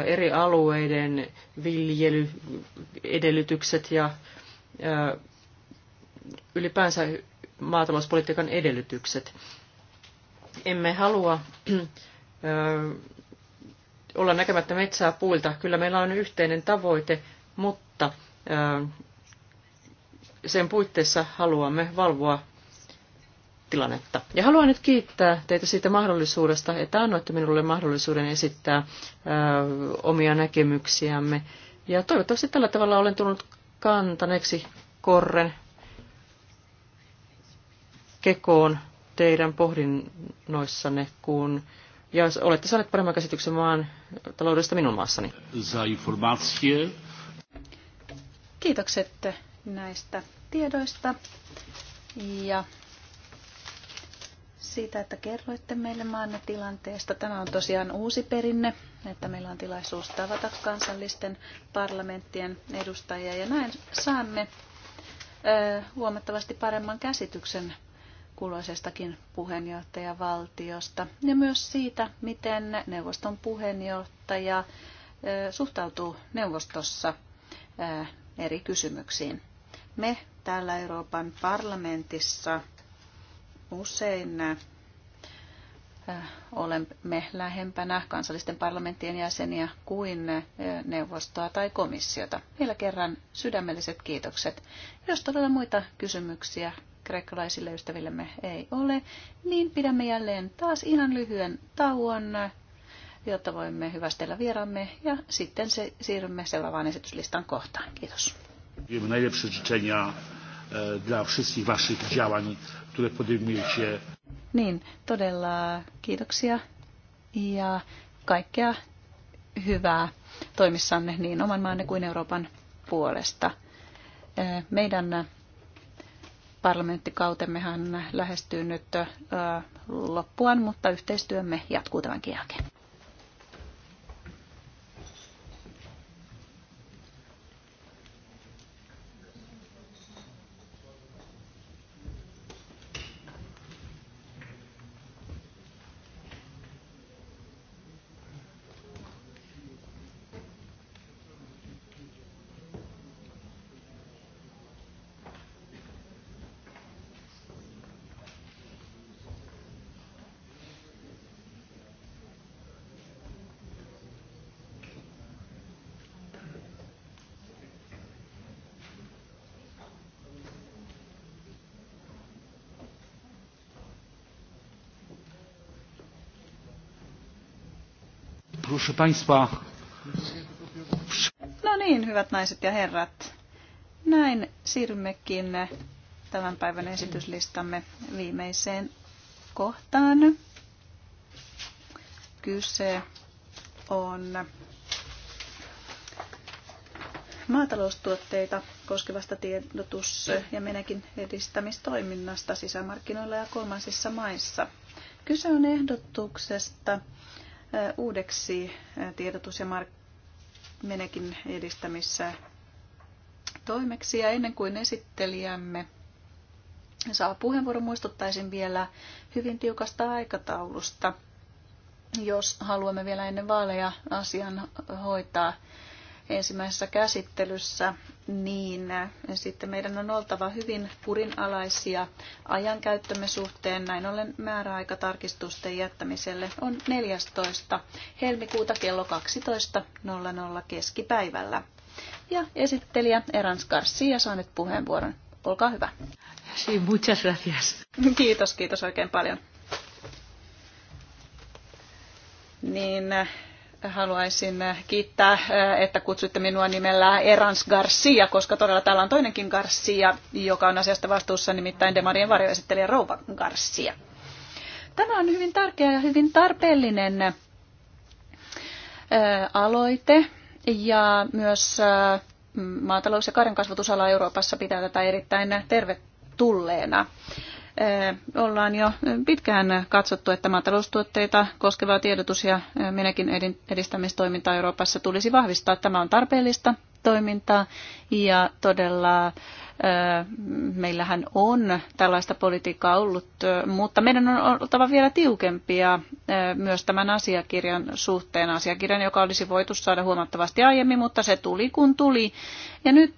eri alueiden viljelyedellytykset ja ylipäänsä maatalouspolitiikan edellytykset. Emme halua olla näkemättä metsää puilta. Kyllä meillä on yhteinen tavoite, mutta sen puitteissa haluamme valvoa tilannetta. Ja haluan nyt kiittää teitä siitä mahdollisuudesta, että annoitte minulle mahdollisuuden esittää omia näkemyksiämme. Ja toivottavasti tällä tavalla olen tullut kantaneeksi korren kekoon teidän pohdinnoissanne, kun ja olette saaneet paremman käsityksen maan taloudesta minun maassani. Kiitokset näistä tiedoista ja siitä, että kerroitte meille maanne tilanteesta. Tämä on tosiaan uusi perinne, että meillä on tilaisuus tavata kansallisten parlamenttien edustajia ja näin saamme huomattavasti paremman käsityksen kulloisestakin puheenjohtajavaltiosta ja myös siitä, miten neuvoston puheenjohtaja suhtautuu neuvostossa eri kysymyksiin. Me täällä Euroopan parlamentissa usein olemme lähempänä kansallisten parlamenttien jäseniä kuin neuvostoa tai komissiota. Vielä kerran sydämelliset kiitokset. Jos todella muita kysymyksiä kreikkalaisille ystävillemme ei ole, niin pidämme jälleen taas ihan lyhyen tauon, jotta voimme hyvästellä vieraamme ja sitten se, siirrymme seuraavaan esityslistan kohtaan. Kiitos. E, niin, todella kiitoksia ja kaikkea hyvää toimissanne niin oman maanne kuin Euroopan puolesta. E, meidän Parlamenttikautemmehan lähestyy nyt loppuaan, mutta yhteistyömme jatkuu tämänkin jälkeen. proszę Państwa. No niin, hyvät naiset ja herrat. Näin siirrymmekin tämän päivän esityslistamme viimeiseen kohtaan. Kyse on maataloustuotteita koskevasta tiedotus- ja menekin edistämistoiminnasta sisämarkkinoilla ja kolmansissa maissa. Kyse on ehdotuksesta, uudeksi tiedotus- ja menekin edistämissä toimeksi. Ja ennen kuin esittelijämme saa puheenvuoron, muistuttaisin vielä hyvin tiukasta aikataulusta, jos haluamme vielä ennen vaaleja asian hoitaa ensimmäisessä käsittelyssä, niin sitten meidän on oltava hyvin kurinalaisia ajankäyttömme suhteen. Näin ollen määräaika jättämiselle on 14. helmikuuta kello 12.00 keskipäivällä. Ja esittelijä Erans Garcia saa nyt puheenvuoron. Olkaa hyvä. Sí, muchas gracias. Kiitos, kiitos oikein paljon. Niin haluaisin kiittää, eh, että kutsuitte minua nimellä Erans Garcia, koska todella täällä on toinenkin Garcia, joka on asiasta vastuussa, nimittäin Demarien varjoesittelijä Rouva Garcia. Tämä on hyvin tärkeä ja hyvin tarpeellinen eh, aloite ja myös eh, maatalous- ja karjankasvatusala Euroopassa pitää tätä erittäin tervetulleena ollaan jo pitkään katsottu, että maataloustuotteita koskevaa tiedotus- ja menekin edistämistoimintaa Euroopassa tulisi vahvistaa. Tämä on tarpeellista toimintaa ja todella meillähän on tällaista politiikkaa ollut, mutta meidän on oltava vielä tiukempia myös tämän asiakirjan suhteen. Asiakirjan, joka olisi voitu saada huomattavasti aiemmin, mutta se tuli kun tuli. Ja nyt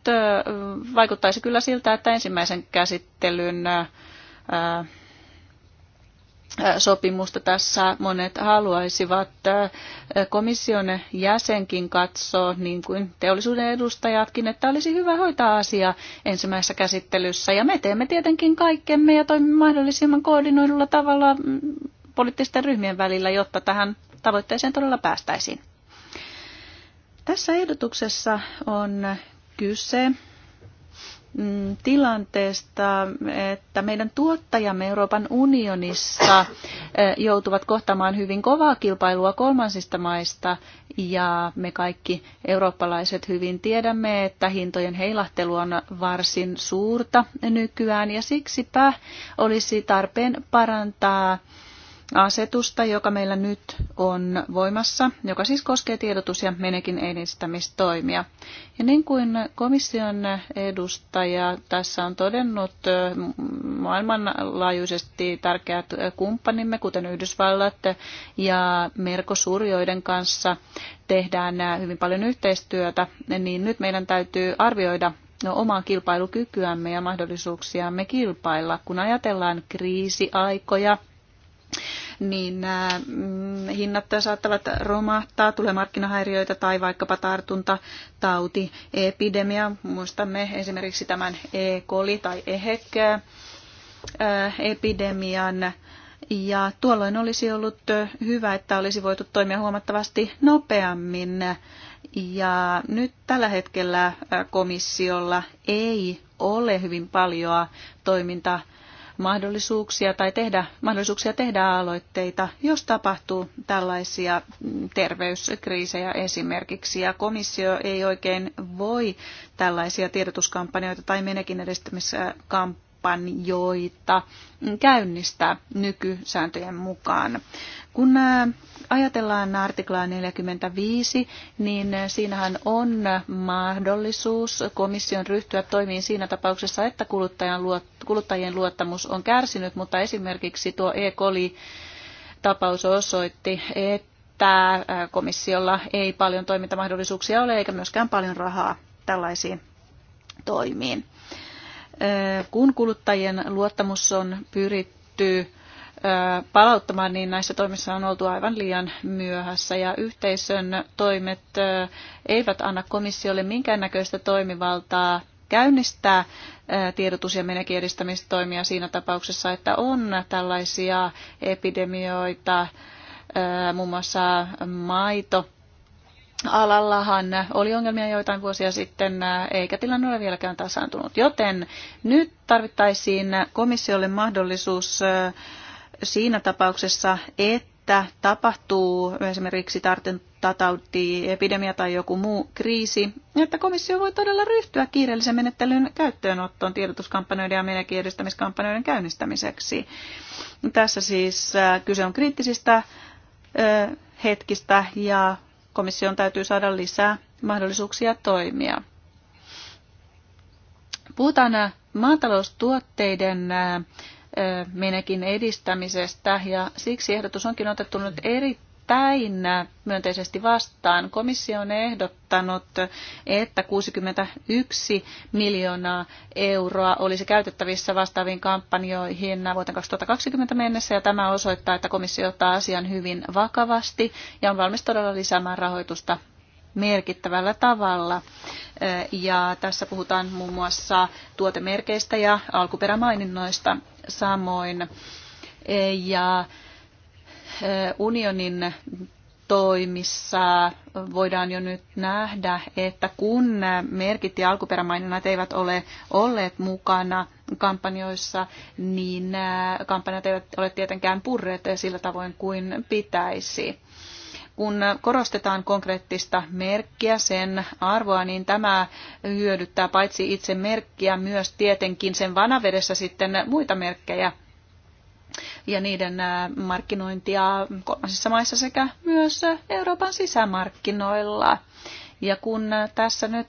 vaikuttaisi kyllä siltä, että ensimmäisen käsittelyn sopimusta tässä monet haluaisivat. Komission jäsenkin katsoo, niin kuin teollisuuden edustajatkin, että olisi hyvä hoitaa asia ensimmäisessä käsittelyssä. Ja me teemme tietenkin kaikkemme ja toimimme mahdollisimman koordinoidulla tavalla mm, poliittisten ryhmien välillä, jotta tähän tavoitteeseen todella päästäisiin. Tässä ehdotuksessa on kyse Mm, tilanteesta, että meidän tuottajamme Euroopan unionissa eh, joutuvat kohtamaan hyvin kovaa kilpailua kolmansista maista ja me kaikki eurooppalaiset hyvin tiedämme, että hintojen heilahtelu on varsin suurta nykyään ja siksipä olisi tarpeen parantaa asetusta, joka meillä nyt on voimassa, joka siis koskee tiedotus- ja menekin edistämistoimia. Ja niin kuin komission edustaja tässä on todennut, maailmanlaajuisesti tärkeät kumppanimme, kuten Yhdysvallat ja Mercosur, joiden kanssa tehdään hyvin paljon yhteistyötä, niin nyt meidän täytyy arvioida no, omaa kilpailukykyämme ja mahdollisuuksiamme kilpailla. Kun ajatellaan kriisiaikoja, niin äh, hinnat saattavat romahtaa, tulee markkinahäiriöitä tai vaikkapa tauti, epidemia. Muistamme esimerkiksi tämän E. coli tai EHEC äh, epidemian. Ja tuolloin olisi ollut hyvä, että olisi voitu toimia huomattavasti nopeammin. Ja nyt tällä hetkellä äh, komissiolla ei ole hyvin paljoa toimintaa mahdollisuuksia tai tehdä, mahdollisuuksia tehdä aloitteita, jos tapahtuu tällaisia terveyskriisejä esimerkiksi. Ja komissio ei oikein voi tällaisia tiedotuskampanjoita tai menekin edistämiskampanjoita kampanjoita käynnistää nykysääntöjen mukaan. Kun äh, ajatellaan artiklaa 45, niin äh, siinähän on mahdollisuus komission ryhtyä toimiin siinä tapauksessa, että kuluttajien luottamus on kärsinyt, mutta esimerkiksi tuo E. koli tapaus osoitti, että äh, komissiolla ei paljon toimintamahdollisuuksia ole eikä myöskään paljon rahaa tällaisiin toimiin kun kuluttajien luottamus on pyritty palauttamaan, niin näissä toimissa on oltu aivan liian myöhässä ja yhteisön toimet eivät anna komissiolle minkäännäköistä toimivaltaa käynnistää tiedotus- ja menekiedistämistoimia siinä tapauksessa, että on tällaisia epidemioita, muun muassa maito alallahan oli ongelmia joitain vuosia sitten, eikä tilanne ole vieläkään tasaantunut. Joten nyt tarvittaisiin komissiolle mahdollisuus siinä tapauksessa, että tapahtuu esimerkiksi tartuntatauti, epidemia tai joku muu kriisi, että komissio voi todella ryhtyä kiireellisen menettelyn käyttöönottoon tiedotuskampanjoiden ja menekin käynnistämiseksi. Tässä siis kyse on kriittisistä hetkistä ja komission täytyy saada lisää mahdollisuuksia toimia. Puhutaan äh, maataloustuotteiden äh, äh, menekin edistämisestä ja siksi ehdotus onkin otettu nyt erittäin täynnä myönteisesti vastaan. Komissio on ehdottanut, että 61 miljoonaa euroa olisi käytettävissä vastaaviin kampanjoihin vuoteen 2020 mennessä, ja tämä osoittaa, että komissio ottaa asian hyvin vakavasti ja on valmis todella lisäämään rahoitusta merkittävällä tavalla. Ja tässä puhutaan muun muassa tuotemerkeistä ja alkuperämaininnoista samoin. Ja Eh, unionin toimissa voidaan jo nyt nähdä, että kun merkit ja alkuperämaininnat eivät ole olleet mukana kampanjoissa, niin eh, kampanjat eivät ole tietenkään purreet sillä tavoin kuin pitäisi. Kun korostetaan konkreettista merkkiä, sen arvoa, niin tämä hyödyttää paitsi itse merkkiä myös tietenkin sen vanavedessä sitten muita merkkejä ja niiden äh, markkinointia kolmansissa maissa sekä myös äh, Euroopan sisämarkkinoilla. Ja kun äh, tässä nyt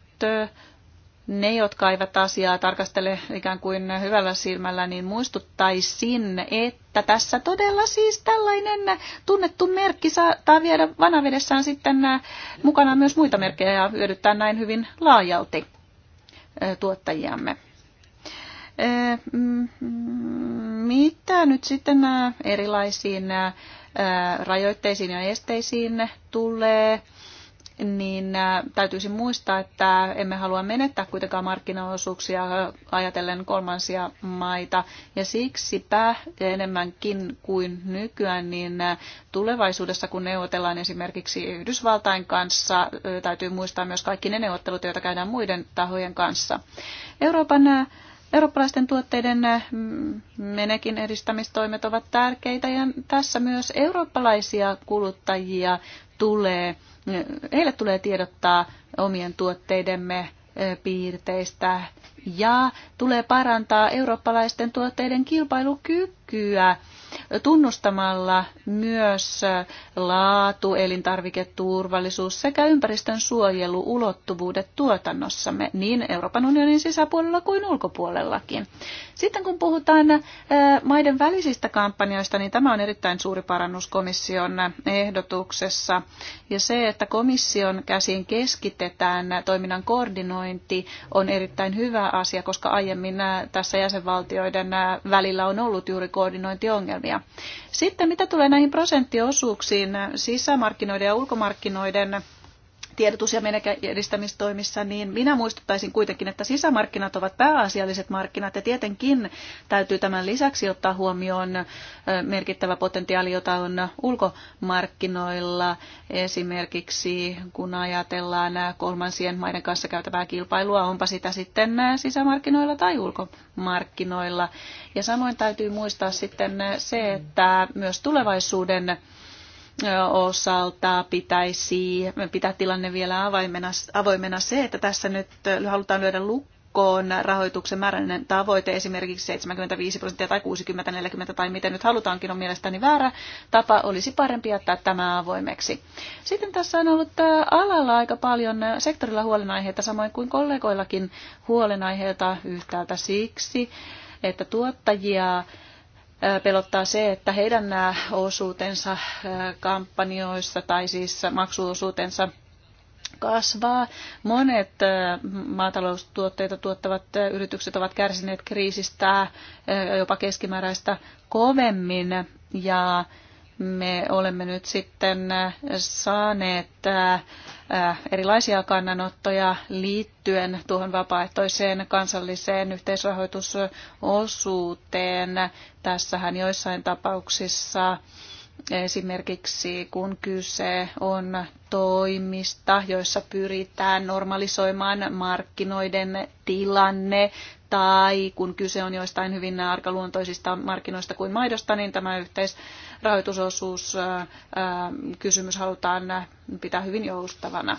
ne, jotka eivät asiaa tarkastele ikään kuin hyvällä silmällä, niin muistuttaisin, että tässä todella siis tällainen tunnettu merkki saattaa viedä vanavedessään sitten mukana myös muita merkkejä ja hyödyttää näin hyvin laajalti tuottajiamme. Eh, mm, mitä nyt sitten nämä äh, erilaisiin äh, rajoitteisiin ja esteisiin tulee, niin äh, täytyisi muistaa, että emme halua menettää kuitenkaan markkinaosuuksia ajatellen kolmansia maita. Ja siksipä enemmänkin kuin nykyään, niin tulevaisuudessa kun neuvotellaan esimerkiksi Yhdysvaltain kanssa, täytyy muistaa myös kaikki ne neuvottelut, joita käydään muiden tahojen kanssa. Euroopan Eurooppalaisten tuotteiden äh, menekin edistämistoimet ovat tärkeitä ja tässä myös eurooppalaisia kuluttajia tulee, äh, heille tulee tiedottaa omien tuotteidemme äh, piirteistä ja tulee parantaa eurooppalaisten tuotteiden kilpailukykyä tunnustamalla myös laatu, elintarviketurvallisuus sekä ympäristön suojeluulottuvuudet tuotannossamme niin Euroopan unionin sisäpuolella kuin ulkopuolellakin. Sitten kun puhutaan eh, maiden välisistä kampanjoista, niin tämä on erittäin suuri parannus komission ehdotuksessa. Ja se, että komission käsiin keskitetään toiminnan koordinointi, on erittäin hyvä asia, koska aiemmin eh, tässä jäsenvaltioiden eh, välillä on ollut juuri koordinointiongelmia ongelmia. Sitten mitä tulee näihin prosenttiosuuksiin sisämarkkinoiden ja ulkomarkkinoiden tiedotus- ja edistämistoimissa, niin minä muistuttaisin kuitenkin, että sisämarkkinat ovat pääasialliset markkinat ja tietenkin täytyy tämän lisäksi ottaa huomioon merkittävä potentiaali, jota on ulkomarkkinoilla esimerkiksi, kun ajatellaan kolmansien maiden kanssa käytävää kilpailua, onpa sitä sitten sisämarkkinoilla tai ulkomarkkinoilla. Ja samoin täytyy muistaa sitten se, että myös tulevaisuuden osalta pitäisi pitää tilanne vielä avoimena, avoimena se, että tässä nyt halutaan lyödä lukkoon rahoituksen määräinen tavoite, esimerkiksi 75 prosenttia tai 60, 40 tai miten nyt halutaankin, on mielestäni väärä tapa. Olisi parempi jättää tämä avoimeksi. Sitten tässä on ollut alalla aika paljon sektorilla huolenaiheita, samoin kuin kollegoillakin huolenaiheita yhtäältä siksi, että tuottajia pelottaa se, että heidän nämä osuutensa kampanjoissa tai siis maksuosuutensa kasvaa. Monet maataloustuotteita tuottavat yritykset ovat kärsineet kriisistä jopa keskimääräistä kovemmin ja me olemme nyt sitten äh, saaneet äh, erilaisia kannanottoja liittyen tuohon vapaaehtoiseen kansalliseen yhteisrahoitusosuuteen. Tässähän joissain tapauksissa esimerkiksi kun kyse on toimista, joissa pyritään normalisoimaan markkinoiden tilanne tai kun kyse on joistain hyvin arkaluontoisista markkinoista kuin maidosta, niin tämä yhteisrahoitusosuus kysymys halutaan pitää hyvin joustavana.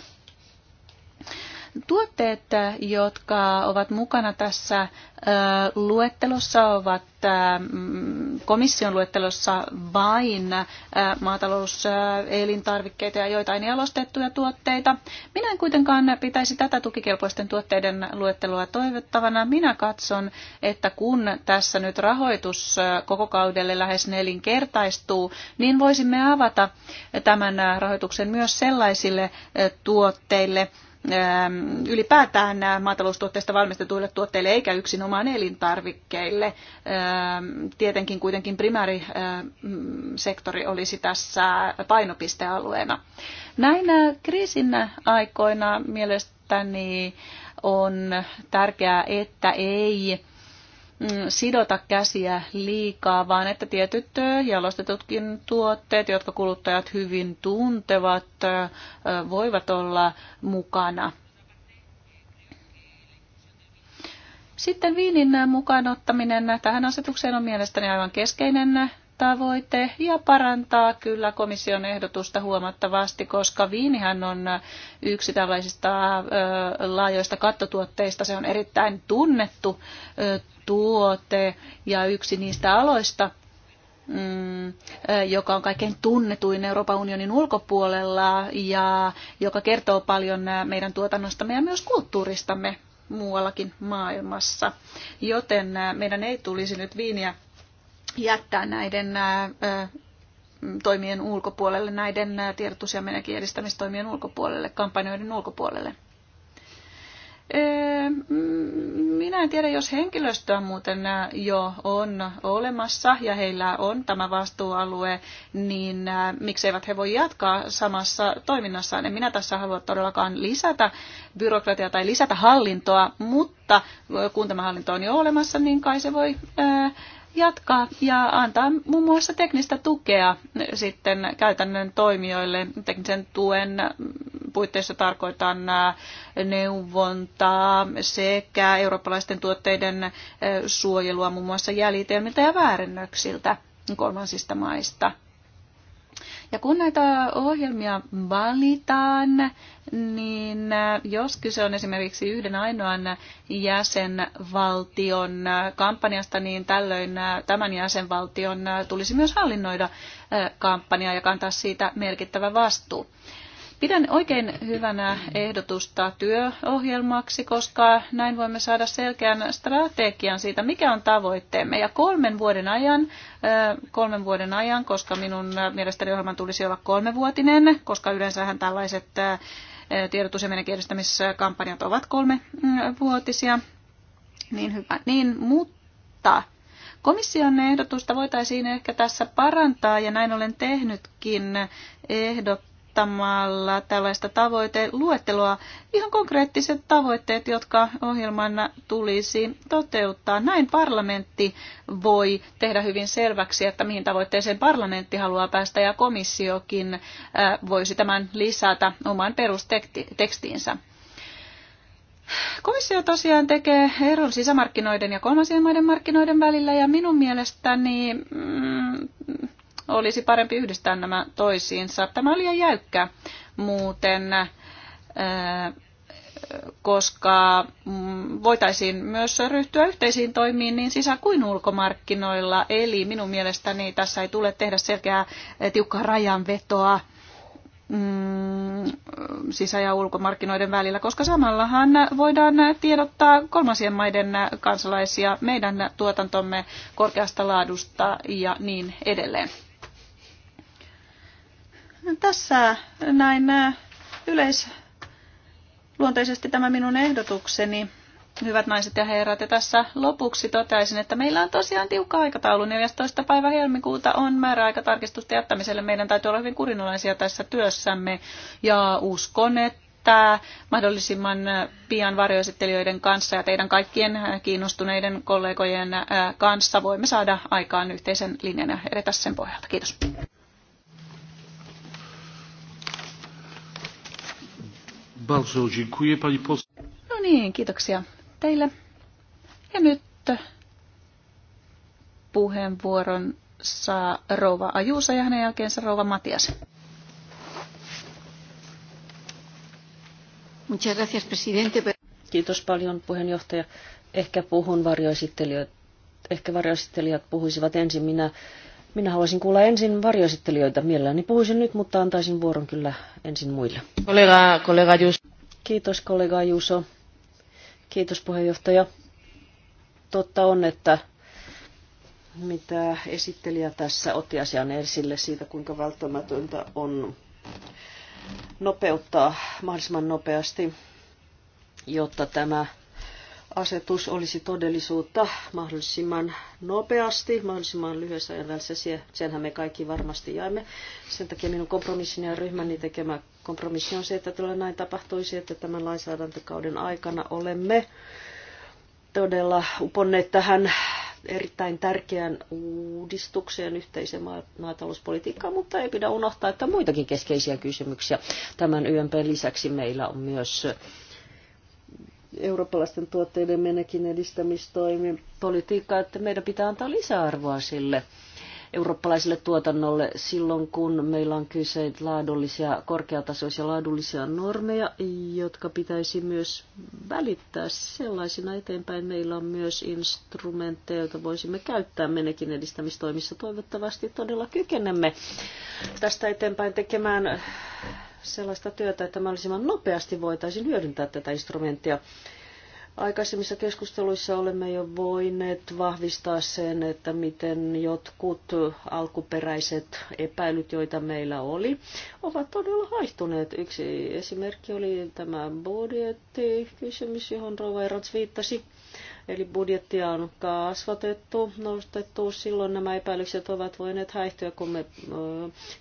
Tuotteet, äh, jotka ovat mukana tässä äh, luettelossa, ovat äh, mm, komission luettelossa vain maatalouselintarvikkeita ja joitain jalostettuja tuotteita. Minä en kuitenkaan pitäisi tätä tukikelpoisten tuotteiden luettelua toivottavana. Minä katson, että kun tässä nyt rahoitus koko kaudelle lähes nelinkertaistuu, niin voisimme avata tämän rahoituksen myös sellaisille tuotteille, Ehm, ylipäätään maataloustuotteista valmistetuille tuotteille eikä yksinomaan elintarvikkeille. Ehm, tietenkin kuitenkin primäärisektori ehm, olisi tässä painopistealueena. Näin äh, kriisin aikoina mielestäni on tärkeää, että ei Mm, sidota käsiä liikaa, vaan että tietyt jalostetutkin tuotteet, jotka kuluttajat hyvin tuntevat, voivat olla mukana. Sitten viinin mukaan ottaminen tähän asetukseen on mielestäni aivan keskeinen tavoite ja parantaa kyllä komission ehdotusta huomattavasti, koska viinihän on yksi tällaisista laajoista kattotuotteista. Se on erittäin tunnettu tuote ja yksi niistä aloista, mm, joka on kaikkein tunnetuin Euroopan unionin ulkopuolella ja joka kertoo paljon meidän tuotannostamme ja myös kulttuuristamme muuallakin maailmassa. Joten meidän ei tulisi nyt viiniä jättää näiden toimien ulkopuolelle, näiden tiedotus- ja menekin ulkopuolelle, kampanjoiden ulkopuolelle. Mm, minä en tiedä, jos henkilöstöä muuten jo on olemassa ja heillä on tämä vastuualue, niin mikseivät he voi jatkaa samassa toiminnassaan. En minä tässä halua todellakaan lisätä byrokratiaa tai lisätä hallintoa, mutta kun tämä hallinto on jo olemassa, niin kai se voi jatkaa ja antaa muun muassa teknistä tukea sitten käytännön toimijoille. Teknisen tuen puitteissa tarkoitan neuvontaa sekä eurooppalaisten tuotteiden suojelua muun muassa jäljitelmiltä ja väärennöksiltä kolmansista maista. Ja kun näitä ohjelmia valitaan, niin äh, jos kyse on esimerkiksi yhden ainoan jäsenvaltion äh, kampanjasta, niin tällöin äh, tämän jäsenvaltion tulisi myös hallinnoida kampanjaa ja kantaa siitä merkittävä vastuu. Pidän oikein hyvänä ehdotusta työohjelmaksi, koska näin voimme saada selkeän strategian siitä, mikä on tavoitteemme. Ja kolmen vuoden ajan, kolmen vuoden ajan koska minun mielestäni ohjelman tulisi olla kolmevuotinen, koska yleensähän tällaiset tiedotus- ja menenkiestämiskampanjat ovat kolmevuotisia, niin hyvä. Niin, mutta komission ehdotusta voitaisiin ehkä tässä parantaa, ja näin olen tehnytkin ehdottaa asettamalla tällaista tavoiteluetteloa ihan konkreettiset tavoitteet, jotka ohjelman tulisi toteuttaa. Näin parlamentti voi tehdä hyvin selväksi, että mihin tavoitteeseen parlamentti haluaa päästä ja komissiokin äh, voisi tämän lisätä omaan perustekstiinsä. Komissio tosiaan tekee eron sisämarkkinoiden ja kolmansien maiden markkinoiden välillä ja minun mielestäni mm, olisi parempi yhdistää nämä toisiinsa. Tämä oli liian jäykkä muuten, koska mm, voitaisiin myös ryhtyä yhteisiin toimiin niin sisä- kuin ulkomarkkinoilla. Eli minun mielestäni tässä ei tule tehdä selkeää tiukkaa rajanvetoa mm, sisä- ja ulkomarkkinoiden välillä, koska samallahan voidaan tiedottaa kolmansien maiden kansalaisia meidän tuotantomme korkeasta laadusta ja niin edelleen. Tässä näin äh, yleisluonteisesti tämä minun ehdotukseni. Hyvät naiset ja herrat, ja tässä lopuksi toteaisin, että meillä on tosiaan tiukka aikataulu. 14. päivä helmikuuta on määräaika tarkistusten jättämiselle. Meidän täytyy olla hyvin kurinalaisia tässä työssämme ja uskon, että mahdollisimman pian varjoesittelijöiden kanssa ja teidän kaikkien kiinnostuneiden kollegojen äh, kanssa voimme saada aikaan yhteisen linjan ja edetä sen pohjalta. Kiitos. No niin, kiitoksia teille. Ja nyt puheenvuoron saa rouva Ajuusa ja hänen jälkeensä rouva Matias. Kiitos paljon puheenjohtaja. Ehkä puhun varjoesittelijät. Ehkä varjoesittelijät puhuisivat ensin. Minä minä haluaisin kuulla ensin varjoesittelijöitä. Mielelläni puhuisin nyt, mutta antaisin vuoron kyllä ensin muille. Kollega, kollega Juso. Kiitos kollega Juso. Kiitos puheenjohtaja. Totta on, että mitä esittelijä tässä otti asian esille siitä, kuinka välttämätöntä on nopeuttaa mahdollisimman nopeasti, jotta tämä asetus olisi todellisuutta mahdollisimman nopeasti, mahdollisimman lyhyessä välissä. Senhän me kaikki varmasti jaimme. Sen takia minun kompromissini ja ryhmäni tekemä kompromissi on se, että tulee näin tapahtuisi, että tämän lainsäädäntökauden aikana olemme todella uponneet tähän erittäin tärkeän uudistukseen yhteiseen maatalouspolitiikkaan, mutta ei pidä unohtaa, että muitakin keskeisiä kysymyksiä tämän YMP lisäksi meillä on myös eurooppalaisten tuotteiden menekin edistämistoimipolitiikkaa, että meidän pitää antaa lisäarvoa sille eurooppalaiselle tuotannolle silloin, kun meillä on kyse laadullisia, korkeatasoisia laadullisia normeja, jotka pitäisi myös välittää sellaisina eteenpäin. Meillä on myös instrumentteja, joita voisimme käyttää menekin edistämistoimissa. Toivottavasti todella kykenemme tästä eteenpäin tekemään sellaista työtä, että mahdollisimman nopeasti voitaisiin hyödyntää tätä instrumenttia. Aikaisemmissa keskusteluissa olemme jo voineet vahvistaa sen, että miten jotkut alkuperäiset epäilyt, joita meillä oli, ovat todella haihtuneet. Yksi esimerkki oli tämä budjettikysymys, johon Rova Erans viittasi. Eli budjettia on kasvatettu, nostettu. Silloin nämä epäilykset ovat voineet häihtyä, kun me,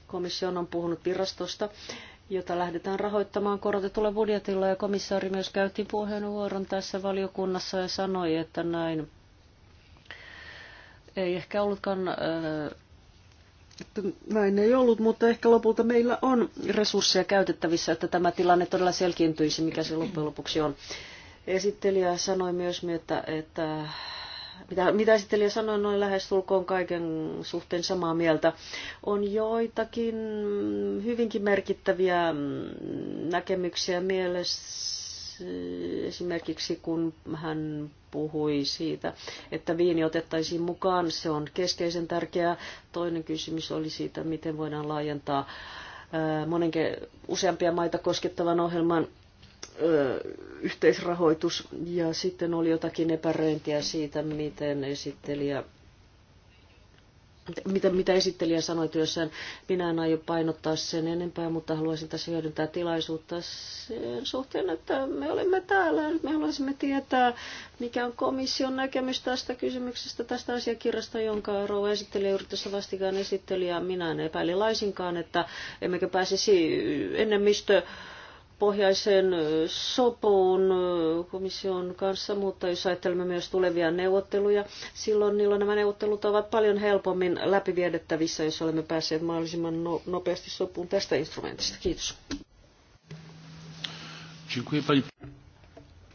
komission on puhunut virastosta jota lähdetään rahoittamaan korotetulla budjetilla. Ja komissaari myös käytti puheenvuoron tässä valiokunnassa ja sanoi, että näin ei ehkä ollutkaan, äh, näin ei ollut, mutta ehkä lopulta meillä on resursseja käytettävissä, että tämä tilanne todella selkiintyisi, mikä se loppujen lopuksi on. Esittelijä sanoi myös, että, että mitä, mitä esittelijä sanoi, noin lähes tulkoon kaiken suhteen samaa mieltä. On joitakin hyvinkin merkittäviä näkemyksiä mielessä esimerkiksi kun hän puhui siitä, että viini otettaisiin mukaan, se on keskeisen tärkeää. Toinen kysymys oli siitä, miten voidaan laajentaa monenkin useampia maita koskettavan ohjelman yhteisrahoitus ja sitten oli jotakin epäröintiä siitä, miten esittelijä mitä, mitä esittelijä sanoi työssään. Minä en aio painottaa sen enempää, mutta haluaisin tässä hyödyntää tilaisuutta sen suhteen, että me olemme täällä. me haluaisimme tietää, mikä on komission näkemys tästä kysymyksestä, tästä asiakirjasta, jonka rouva esittelijä yrityssä vastikään esitteli. Ja minä en epäili laisinkaan, että emmekö pääsisi enemmistö Pohjaisen sopuun komission kanssa, mutta jos ajattelemme myös tulevia neuvotteluja, silloin niillä nämä neuvottelut ovat paljon helpommin läpiviedettävissä, jos olemme päässeet mahdollisimman no-, nopeasti sopuun tästä instrumentista. Kiitos.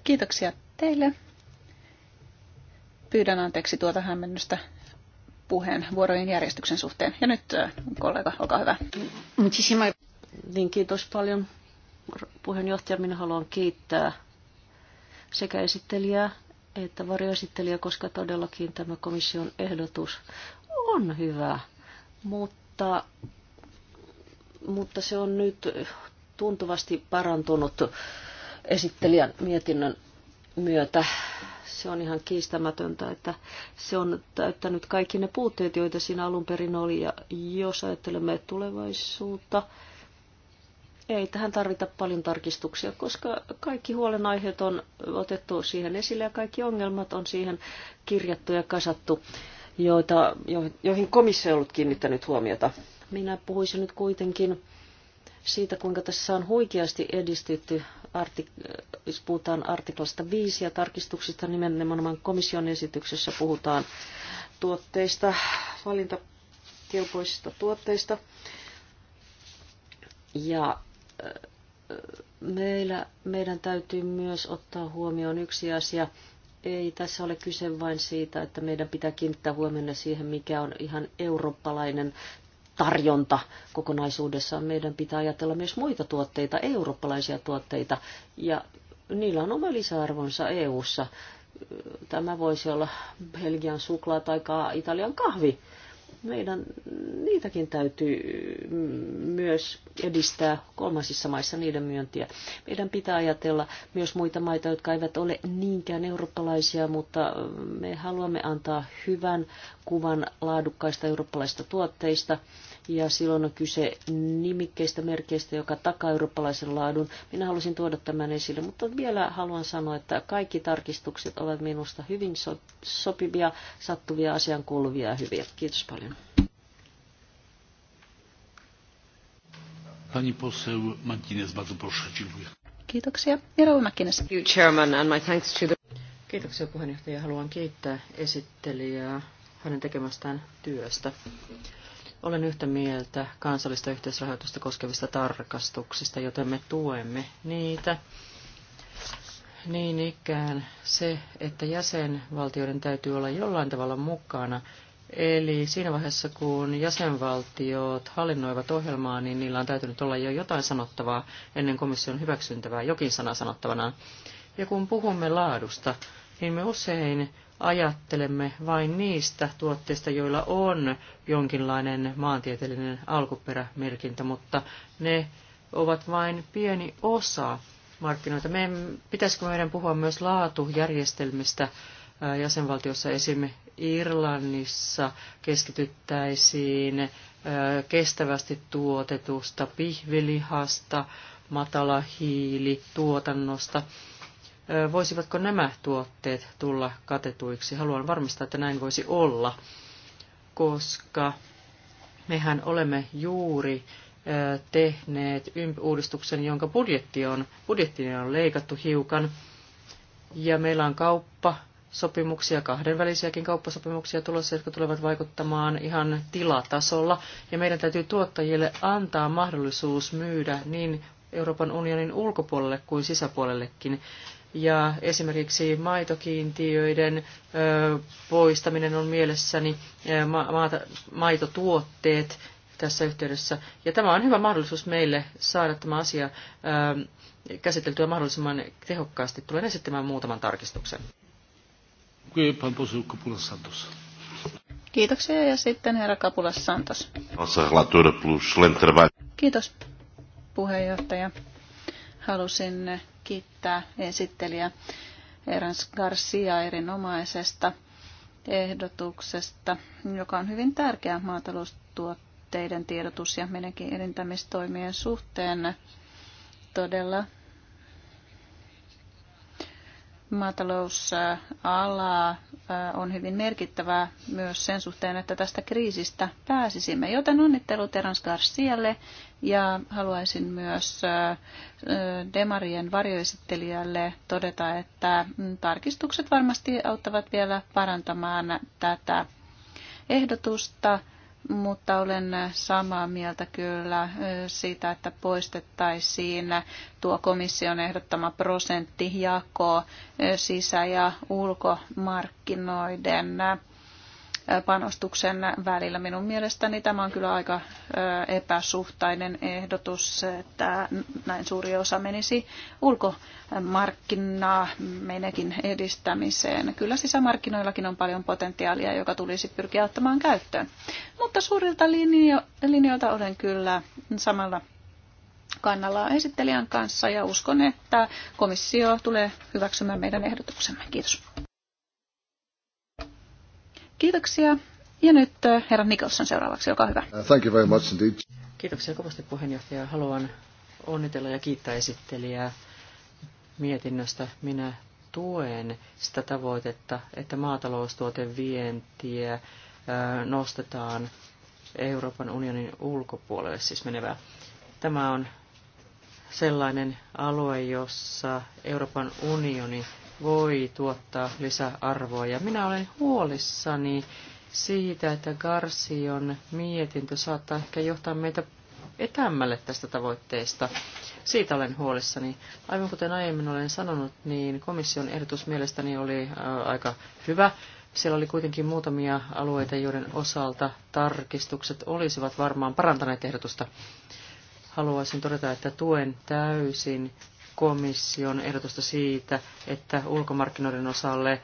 Kiitoksia teille. Pyydän anteeksi tuota hämmennystä puheenvuorojen järjestyksen suhteen. Ja nyt kollega, olkaa hyvä. Niin, kiitos paljon puheenjohtaja, minä haluan kiittää sekä esittelijää että varjoesittelijä, koska todellakin tämä komission ehdotus on hyvä, mutta, mutta se on nyt tuntuvasti parantunut esittelijän mietinnön myötä. Se on ihan kiistämätöntä, että se on täyttänyt kaikki ne puutteet, joita siinä alun perin oli. Ja jos ajattelemme tulevaisuutta, ei tähän tarvita paljon tarkistuksia, koska kaikki huolenaiheet on otettu siihen esille ja kaikki ongelmat on siihen kirjattu ja kasattu, joita, joihin komissio on ollut kiinnittänyt huomiota. Minä puhuisin nyt kuitenkin siitä, kuinka tässä on huikeasti edistytty, artik- jos puhutaan artiklasta 5 ja tarkistuksista, nimenomaan komission esityksessä puhutaan tuotteista, valintakelpoisista tuotteista. Ja meillä, meidän täytyy myös ottaa huomioon yksi asia. Ei tässä ole kyse vain siitä, että meidän pitää kiinnittää huomenna siihen, mikä on ihan eurooppalainen tarjonta kokonaisuudessaan. Meidän pitää ajatella myös muita tuotteita, eurooppalaisia tuotteita, ja niillä on oma lisäarvonsa EU-ssa. Tämä voisi olla Belgian suklaa tai Italian kahvi meidän, niitäkin täytyy myös edistää kolmansissa maissa niiden myöntiä. Meidän pitää ajatella myös muita maita, jotka eivät ole niinkään eurooppalaisia, mutta me haluamme antaa hyvän kuvan laadukkaista eurooppalaisista tuotteista – ja silloin on kyse nimikkeistä merkeistä, joka takaa eurooppalaisen laadun. Minä halusin tuoda tämän esille, mutta vielä haluan sanoa, että kaikki tarkistukset ovat minusta hyvin so- sopivia, sattuvia, asian kuuluvia ja hyviä. Kiitos paljon. Pani poseł Mankines, bardzo proszę, dziękuję. Kiitoksia. Jero Mäkkines. Chairman, and my thanks to the... Kiitoksia puheenjohtaja. Haluan kiittää esittelijää hänen tekemästään työstä. Olen yhtä mieltä kansallista yhteisrahoitusta koskevista tarkastuksista, joten me tuemme niitä. Niin ikään se, että jäsenvaltioiden täytyy olla jollain tavalla mukana. Eli siinä vaiheessa, kun jäsenvaltiot hallinnoivat ohjelmaa, niin niillä on täytynyt olla jo jotain sanottavaa ennen komission hyväksyntävää, jokin sana sanottavana. Ja kun puhumme laadusta, niin me usein ajattelemme vain niistä tuotteista, joilla on jonkinlainen maantieteellinen alkuperämerkintä, mutta ne ovat vain pieni osa markkinoita. Meidän, pitäisikö meidän puhua myös laatujärjestelmistä jäsenvaltiossa esim. Irlannissa keskityttäisiin kestävästi tuotetusta pihvilihasta, matala hiili tuotannosta. Voisivatko nämä tuotteet tulla katetuiksi? Haluan varmistaa, että näin voisi olla, koska mehän olemme juuri tehneet uudistuksen, jonka budjetti on, budjetti on leikattu hiukan. Ja meillä on kauppa, sopimuksia, kahdenvälisiäkin kauppasopimuksia tulossa, jotka tulevat vaikuttamaan ihan tilatasolla. Ja meidän täytyy tuottajille antaa mahdollisuus myydä niin Euroopan unionin ulkopuolelle kuin sisäpuolellekin ja esimerkiksi maitokiintiöiden poistaminen on mielessäni maitotuotteet tässä yhteydessä. Ja tämä on hyvä mahdollisuus meille saada tämä asia käsiteltyä mahdollisimman tehokkaasti. Tulen esittämään muutaman tarkistuksen. Kiitoksia ja sitten herra Kapulas Santos. Kiitos puheenjohtaja. Halusin kiittää esittelijä Erans Garcia erinomaisesta ehdotuksesta, joka on hyvin tärkeä maataloustuotteiden tiedotus- ja menekin elintämistoimien suhteen. Todella maatalousala äh, on hyvin merkittävää myös sen suhteen, että tästä kriisistä pääsisimme. Joten onnittelut Terans Garcialle ja haluaisin myös äh, äh, Demarien varjoesittelijälle todeta, että mm, tarkistukset varmasti auttavat vielä parantamaan tätä ehdotusta mutta olen samaa mieltä kyllä siitä, että poistettaisiin tuo komission ehdottama prosenttijako sisä- ja ulkomarkkinoiden panostuksen välillä. Minun mielestäni tämä on kyllä aika epäsuhtainen ehdotus, että näin suuri osa menisi ulkomarkkinaa menekin edistämiseen. Kyllä sisämarkkinoillakin on paljon potentiaalia, joka tulisi pyrkiä ottamaan käyttöön. Mutta suurilta linjo- linjoilta olen kyllä samalla kannalla esittelijän kanssa ja uskon, että komissio tulee hyväksymään meidän ehdotuksemme. Kiitos. Kiitoksia. Ja nyt äh, herra Nicholson seuraavaksi, olkaa hyvä. Uh, thank you very much indeed. Kiitoksia kovasti puheenjohtaja. Haluan onnitella ja kiittää esittelijää mietinnöstä. Minä tuen sitä tavoitetta, että maataloustuotevientiä äh, nostetaan Euroopan unionin ulkopuolelle siis menevää. Tämä on sellainen alue, jossa Euroopan unioni voi tuottaa lisäarvoa. Ja minä olen huolissani siitä, että Garcion mietintö saattaa ehkä johtaa meitä etämmälle tästä tavoitteesta. Siitä olen huolissani. Aivan kuten aiemmin olen sanonut, niin komission ehdotus mielestäni oli äh, aika hyvä. Siellä oli kuitenkin muutamia alueita, joiden osalta tarkistukset olisivat varmaan parantaneet ehdotusta. Haluaisin todeta, että tuen täysin komission ehdotusta siitä, että ulkomarkkinoiden osalle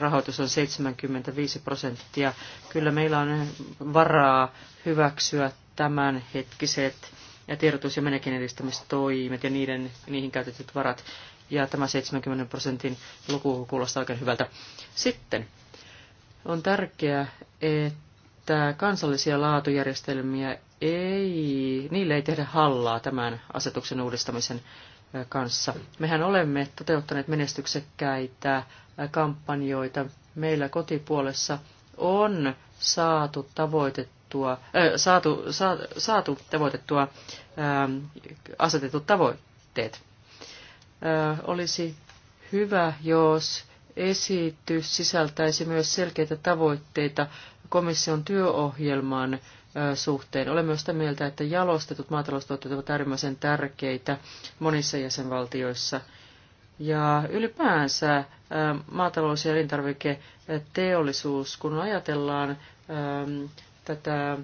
rahoitus on 75 prosenttia. Kyllä meillä on varaa hyväksyä tämänhetkiset ja tiedotus- ja menekin edistämistoimet ja niiden, niihin käytetyt varat. Ja tämä 70 prosentin luku kuulostaa oikein hyvältä. Sitten on tärkeää, että kansallisia laatujärjestelmiä ei, niille ei tehdä hallaa tämän asetuksen uudistamisen kanssa. Mehän olemme toteuttaneet menestyksekkäitä kampanjoita. Meillä kotipuolessa on saatu tavoitettua, äh, saatu, sa, saatu tavoitettua äh, asetetut tavoitteet. Äh, olisi hyvä, jos esitys sisältäisi myös selkeitä tavoitteita komission työohjelman äh, suhteen. Olen myös sitä mieltä, että jalostetut maataloustuotteet ovat äärimmäisen tärkeitä monissa jäsenvaltioissa. Ja ylipäänsä maatalous- ja elintarviketeollisuus, kun ajatellaan tätä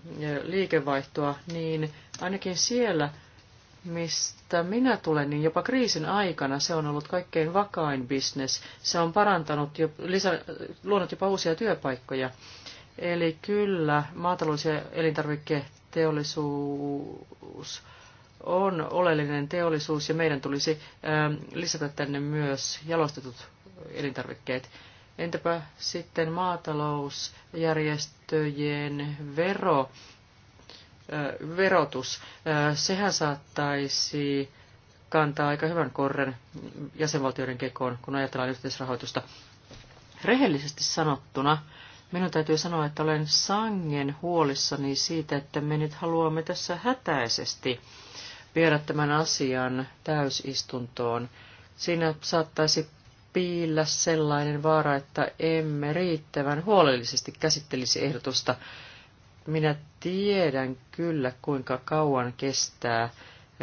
liikevaihtoa, niin ainakin siellä, mistä minä tulen, niin jopa kriisin aikana se on ollut kaikkein vakain bisnes. Se on parantanut, jo, lisä, luonut jopa uusia työpaikkoja. Eli kyllä, maatalous- ja elintarviketeollisuus on oleellinen teollisuus ja meidän tulisi ähm, lisätä tänne myös jalostetut elintarvikkeet. Entäpä sitten maatalousjärjestöjen vero, äh, verotus? Äh, sehän saattaisi kantaa aika hyvän korren jäsenvaltioiden kekoon, kun ajatellaan yhteisrahoitusta. Rehellisesti sanottuna, Minun täytyy sanoa, että olen sangen huolissani siitä, että me nyt haluamme tässä hätäisesti viedä tämän asian täysistuntoon. Siinä saattaisi piillä sellainen vaara, että emme riittävän huolellisesti käsittelisi ehdotusta. Minä tiedän kyllä, kuinka kauan kestää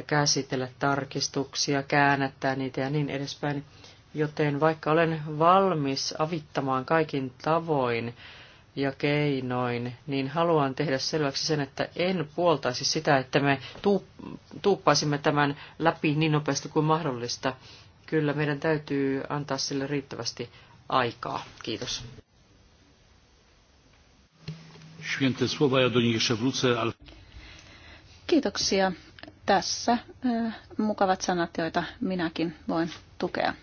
käsitellä tarkistuksia, käännättää niitä ja niin edespäin. Joten vaikka olen valmis avittamaan kaikin tavoin ja keinoin, niin haluan tehdä selväksi sen, että en puoltaisi sitä, että me tuuppaisimme tämän läpi niin nopeasti kuin mahdollista. Kyllä meidän täytyy antaa sille riittävästi aikaa. Kiitos. Kiitoksia. Tässä e, mukavat sanat, joita minäkin voin tukea.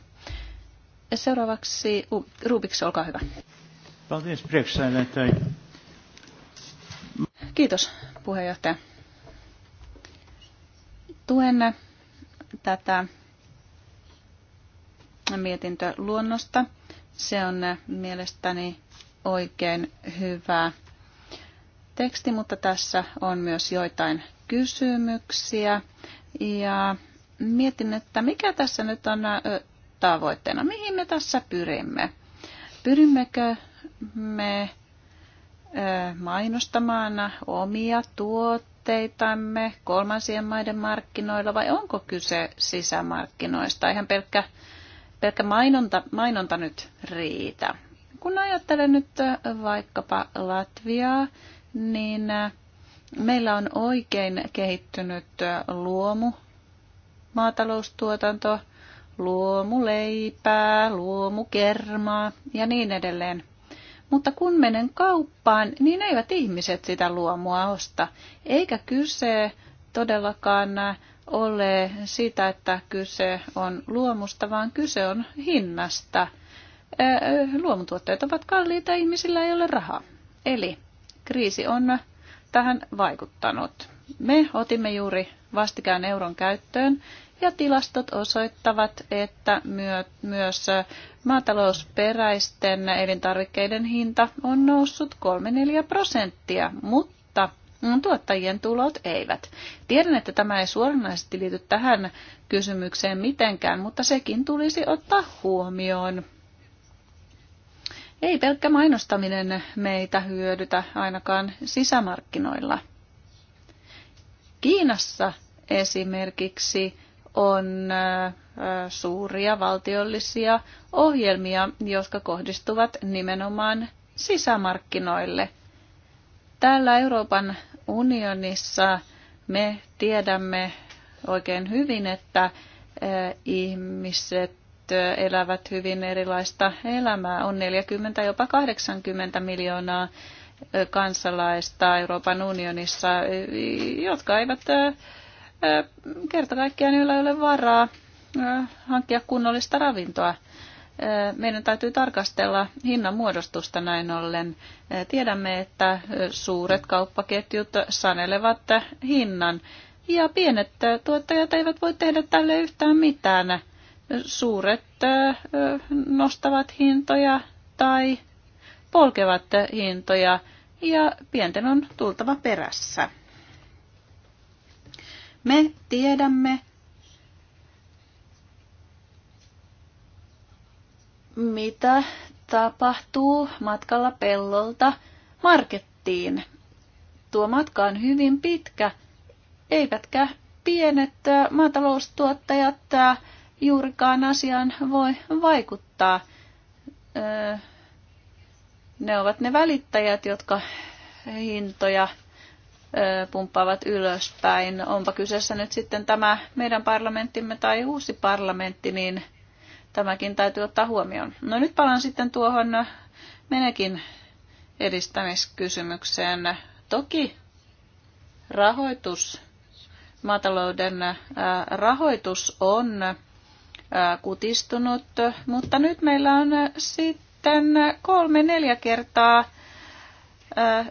Seuraavaksi Rubiks, olkaa hyvä. Kiitos puheenjohtaja. Tuen tätä mietintöluonnosta. Se on mielestäni oikein hyvä teksti, mutta tässä on myös joitain kysymyksiä. Ja mietin, että mikä tässä nyt on tavoitteena. Mihin me tässä pyrimme? Pyrimmekö me mainostamaan omia tuotteitamme kolmansien maiden markkinoilla vai onko kyse sisämarkkinoista? Eihän pelkkä, pelkkä mainonta, mainonta nyt riitä. Kun ajattelen nyt vaikkapa Latviaa, niin meillä on oikein kehittynyt luomu maataloustuotanto – luomuleipää, luomukermaa ja niin edelleen. Mutta kun menen kauppaan, niin eivät ihmiset sitä luomua osta. Eikä kyse todellakaan ole sitä, että kyse on luomusta, vaan kyse on hinnasta. Luomutuotteet ovat kalliita, ihmisillä ei ole rahaa. Eli kriisi on tähän vaikuttanut. Me otimme juuri vastikään euron käyttöön ja tilastot osoittavat, että myö, myös maatalousperäisten elintarvikkeiden hinta on noussut 3-4 prosenttia, mutta mm, tuottajien tulot eivät. Tiedän, että tämä ei suoranaisesti liity tähän kysymykseen mitenkään, mutta sekin tulisi ottaa huomioon. Ei pelkkä mainostaminen meitä hyödytä ainakaan sisämarkkinoilla. Kiinassa esimerkiksi on suuria valtiollisia ohjelmia, jotka kohdistuvat nimenomaan sisämarkkinoille. Täällä Euroopan unionissa me tiedämme oikein hyvin, että ihmiset elävät hyvin erilaista elämää. On 40, jopa 80 miljoonaa kansalaista Euroopan unionissa, jotka eivät kerta kaikkiaan niillä ei ole varaa hankkia kunnollista ravintoa. Meidän täytyy tarkastella hinnan muodostusta näin ollen. Tiedämme, että suuret kauppaketjut sanelevat hinnan ja pienet tuottajat eivät voi tehdä tälle yhtään mitään. Suuret nostavat hintoja tai polkevat hintoja ja pienten on tultava perässä. Me tiedämme, mitä tapahtuu matkalla pellolta markettiin. Tuo matka on hyvin pitkä, eivätkä pienet maataloustuottajat juurikaan asiaan voi vaikuttaa. Ne ovat ne välittäjät, jotka hintoja pumppaavat ylöspäin. Onpa kyseessä nyt sitten tämä meidän parlamenttimme tai uusi parlamentti, niin tämäkin täytyy ottaa huomioon. No nyt palaan sitten tuohon menekin edistämiskysymykseen. Toki rahoitus, maatalouden rahoitus on kutistunut, mutta nyt meillä on sitten kolme-neljä kertaa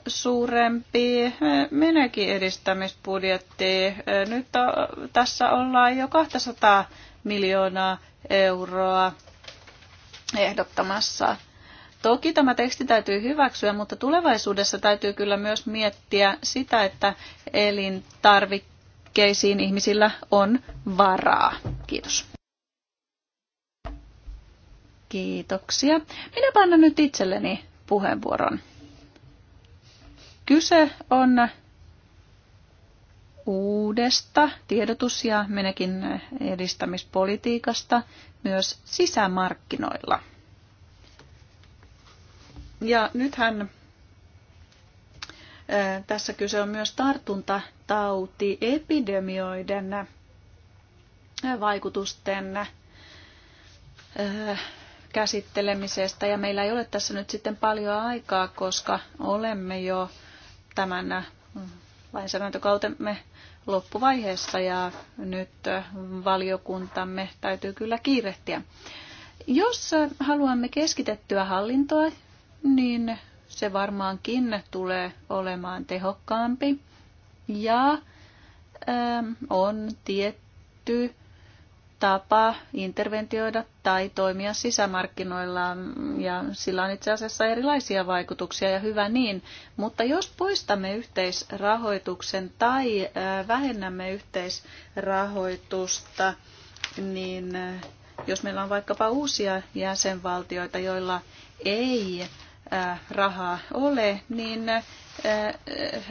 suurempi menekin edistämisbudjetti. Nyt tässä ollaan jo 200 miljoonaa euroa ehdottamassa. Toki tämä teksti täytyy hyväksyä, mutta tulevaisuudessa täytyy kyllä myös miettiä sitä, että elintarvikkeisiin ihmisillä on varaa. Kiitos. Kiitoksia. Minä annan nyt itselleni puheenvuoron. Kyse on uudesta tiedotus- ja menekin edistämispolitiikasta myös sisämarkkinoilla. Ja nythän tässä kyse on myös epidemioiden vaikutusten käsittelemisestä. Ja meillä ei ole tässä nyt sitten paljon aikaa, koska olemme jo tämän äh, lainsäädäntökautemme loppuvaiheessa ja nyt äh, valiokuntamme täytyy kyllä kiirehtiä. Jos äh, haluamme keskitettyä hallintoa, niin se varmaankin tulee olemaan tehokkaampi ja ähm, on tietty tapa interventioida tai toimia sisämarkkinoilla ja sillä on itse asiassa erilaisia vaikutuksia ja hyvä niin. Mutta jos poistamme yhteisrahoituksen tai vähennämme yhteisrahoitusta, niin jos meillä on vaikkapa uusia jäsenvaltioita, joilla ei rahaa ole, niin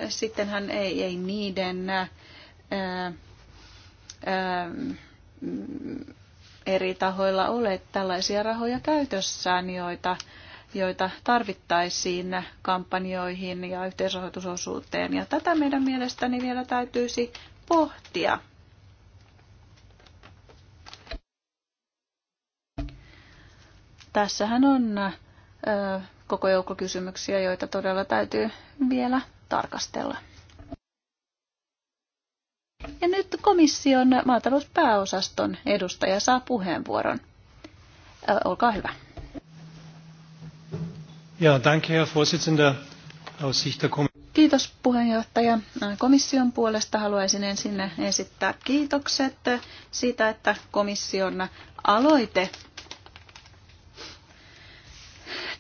sittenhän ei, ei niiden Mm, eri tahoilla ole tällaisia rahoja käytössään, joita, joita tarvittaisiin kampanjoihin ja yhteisrahoitusosuuteen. Ja tätä meidän mielestäni vielä täytyisi pohtia. Tässähän on koko joukko kysymyksiä, joita todella täytyy vielä tarkastella. Ja nyt komission maatalouspääosaston edustaja saa puheenvuoron. Ö, olkaa hyvä. Ja, danke, Herr Vorsitzender. Aus Sicht der Kiitos puheenjohtaja. Komission puolesta haluaisin ensin esittää kiitokset siitä, että komission aloite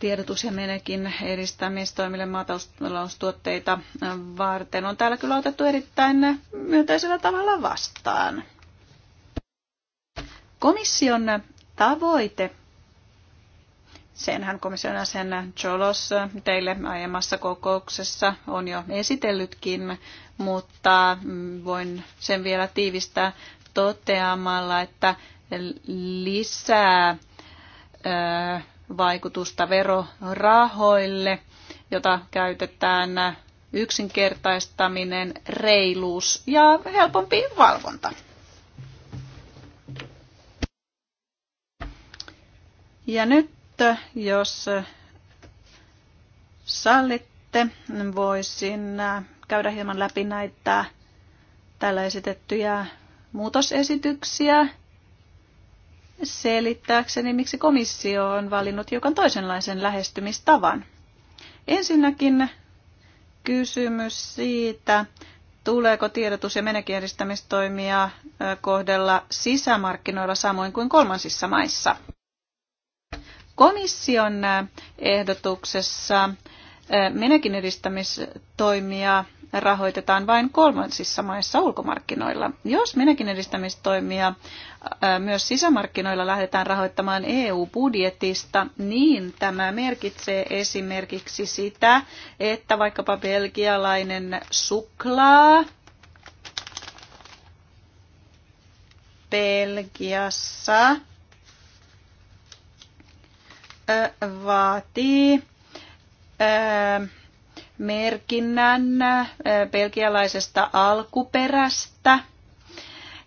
tiedotus- ja menekin edistämistoimille maataloustuotteita varten on täällä kyllä otettu erittäin myönteisellä tavalla vastaan. Komission tavoite, senhän komission jäsen Cholos teille aiemmassa kokouksessa on jo esitellytkin, mutta voin sen vielä tiivistää toteamalla, että lisää vaikutusta verorahoille, jota käytetään yksinkertaistaminen, reiluus ja helpompi valvonta. Ja nyt, jos sallitte, voisin käydä hieman läpi näitä tällä esitettyjä muutosesityksiä selittääkseni, miksi komissio on valinnut hiukan toisenlaisen lähestymistavan. Ensinnäkin kysymys siitä, tuleeko tiedotus- ja menekijäristämistoimia kohdella sisämarkkinoilla samoin kuin kolmansissa maissa. Komission ehdotuksessa menekin edistämistoimia rahoitetaan vain kolmansissa maissa ulkomarkkinoilla. Jos minäkin edistämistoimia myös sisämarkkinoilla lähdetään rahoittamaan EU-budjetista, niin tämä merkitsee esimerkiksi sitä, että vaikkapa belgialainen suklaa Belgiassa vaatii merkinnän belgialaisesta alkuperästä.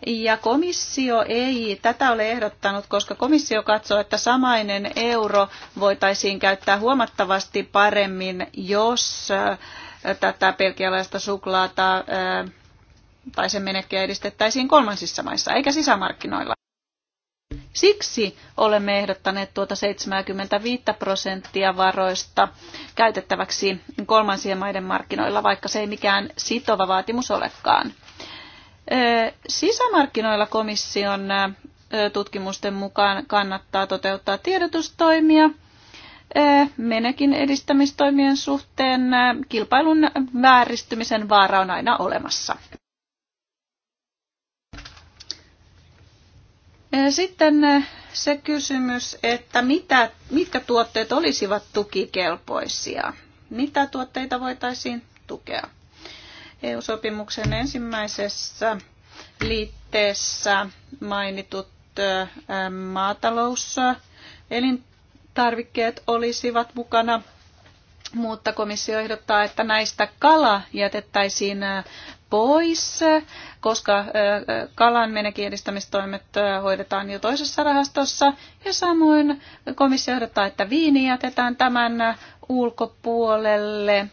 Ja komissio ei tätä ole ehdottanut, koska komissio katsoo, että samainen euro voitaisiin käyttää huomattavasti paremmin, jos tätä belgialaista suklaata tai sen menekkiä edistettäisiin kolmansissa maissa, eikä sisämarkkinoilla. Siksi olemme ehdottaneet tuota 75 prosenttia varoista käytettäväksi kolmansien maiden markkinoilla, vaikka se ei mikään sitova vaatimus olekaan. Sisämarkkinoilla komission tutkimusten mukaan kannattaa toteuttaa tiedotustoimia menekin edistämistoimien suhteen. Kilpailun vääristymisen vaara on aina olemassa. Sitten se kysymys, että mitä, mitkä tuotteet olisivat tukikelpoisia. Mitä tuotteita voitaisiin tukea? EU-sopimuksen ensimmäisessä liitteessä mainitut maatalous, elintarvikkeet olisivat mukana, mutta komissio ehdottaa, että näistä kala jätettäisiin pois, koska kalan menekin edistämistoimet hoidetaan jo toisessa rahastossa. Ja samoin komissio ehdottaa, että viini jätetään tämän ulkopuolelle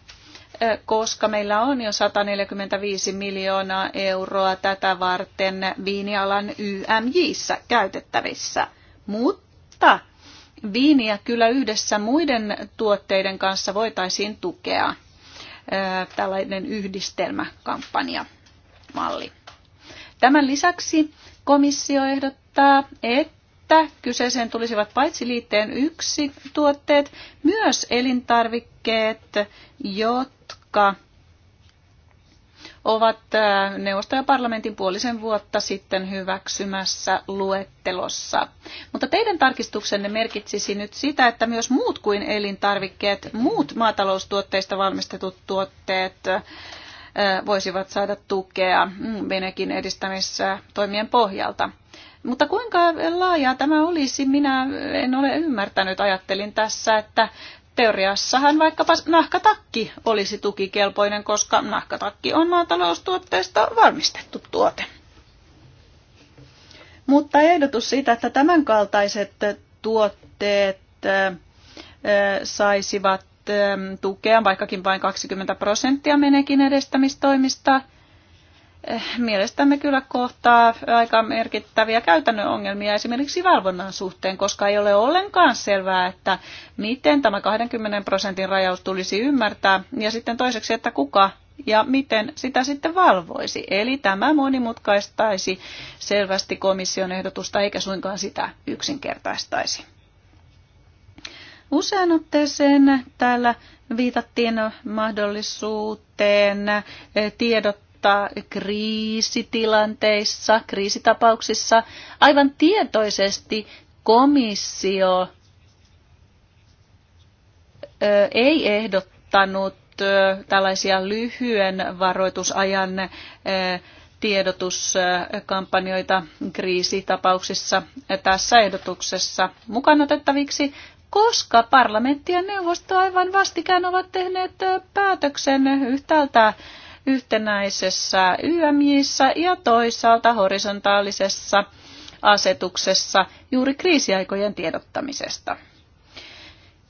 koska meillä on jo 145 miljoonaa euroa tätä varten viinialan YMJissä käytettävissä. Mutta viiniä kyllä yhdessä muiden tuotteiden kanssa voitaisiin tukea tällainen yhdistelmäkampanjamalli. Tämän lisäksi komissio ehdottaa, että kyseeseen tulisivat paitsi liitteen yksi tuotteet, myös elintarvikkeet, jotka ovat neuvosto ja parlamentin puolisen vuotta sitten hyväksymässä luettelossa. Mutta teidän tarkistuksenne merkitsisi nyt sitä, että myös muut kuin elintarvikkeet, muut maataloustuotteista valmistetut tuotteet voisivat saada tukea mm, venekin edistämissä toimien pohjalta. Mutta kuinka laajaa tämä olisi, minä en ole ymmärtänyt. Ajattelin tässä, että Teoriassahan vaikkapa nahkatakki olisi tukikelpoinen, koska nahkatakki on maataloustuotteesta valmistettu tuote. Mutta ehdotus siitä, että tämänkaltaiset tuotteet saisivat tukea, vaikkakin vain 20 prosenttia menekin edestämistoimista. Eh, mielestämme kyllä kohtaa aika merkittäviä käytännön ongelmia esimerkiksi valvonnan suhteen, koska ei ole ollenkaan selvää, että miten tämä 20 prosentin rajaus tulisi ymmärtää ja sitten toiseksi, että kuka ja miten sitä sitten valvoisi. Eli tämä monimutkaistaisi selvästi komission ehdotusta eikä suinkaan sitä yksinkertaistaisi. Usean otteeseen täällä viitattiin mahdollisuuteen eh, tiedottaa mutta kriisitilanteissa, kriisitapauksissa aivan tietoisesti komissio ei ehdottanut tällaisia lyhyen varoitusajan tiedotuskampanjoita kriisitapauksissa tässä ehdotuksessa mukaan otettaviksi, koska parlamentti ja neuvosto aivan vastikään ovat tehneet päätöksen yhtäältä yhtenäisessä YMJissä ja toisaalta horisontaalisessa asetuksessa juuri kriisiaikojen tiedottamisesta.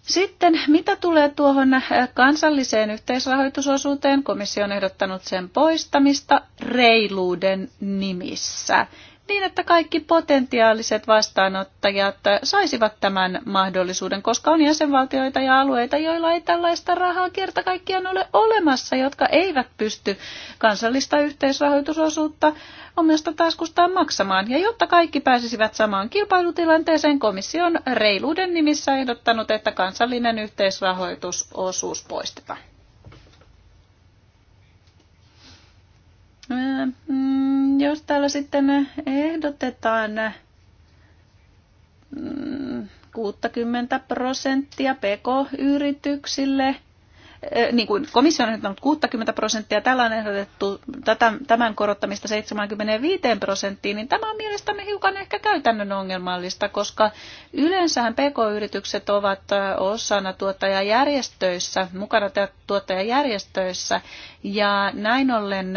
Sitten mitä tulee tuohon kansalliseen yhteisrahoitusosuuteen, komissio on ehdottanut sen poistamista reiluuden nimissä niin, että kaikki potentiaaliset vastaanottajat saisivat tämän mahdollisuuden, koska on jäsenvaltioita ja alueita, joilla ei tällaista rahaa kerta kaikkiaan ole olemassa, jotka eivät pysty kansallista yhteisrahoitusosuutta omasta taskustaan maksamaan. Ja jotta kaikki pääsisivät samaan kilpailutilanteeseen, komissio on reiluuden nimissä ehdottanut, että kansallinen yhteisrahoitusosuus poistetaan. jos täällä sitten ehdotetaan 60 mm, prosenttia pk-yrityksille – niin kuin komissio on ehdottanut 60 prosenttia, tällä on ehdotettu tämän korottamista 75 prosenttiin, niin tämä on mielestäni hiukan ehkä käytännön ongelmallista, koska yleensähän PK-yritykset ovat osana tuottajajärjestöissä, mukana tuottajajärjestöissä, ja näin ollen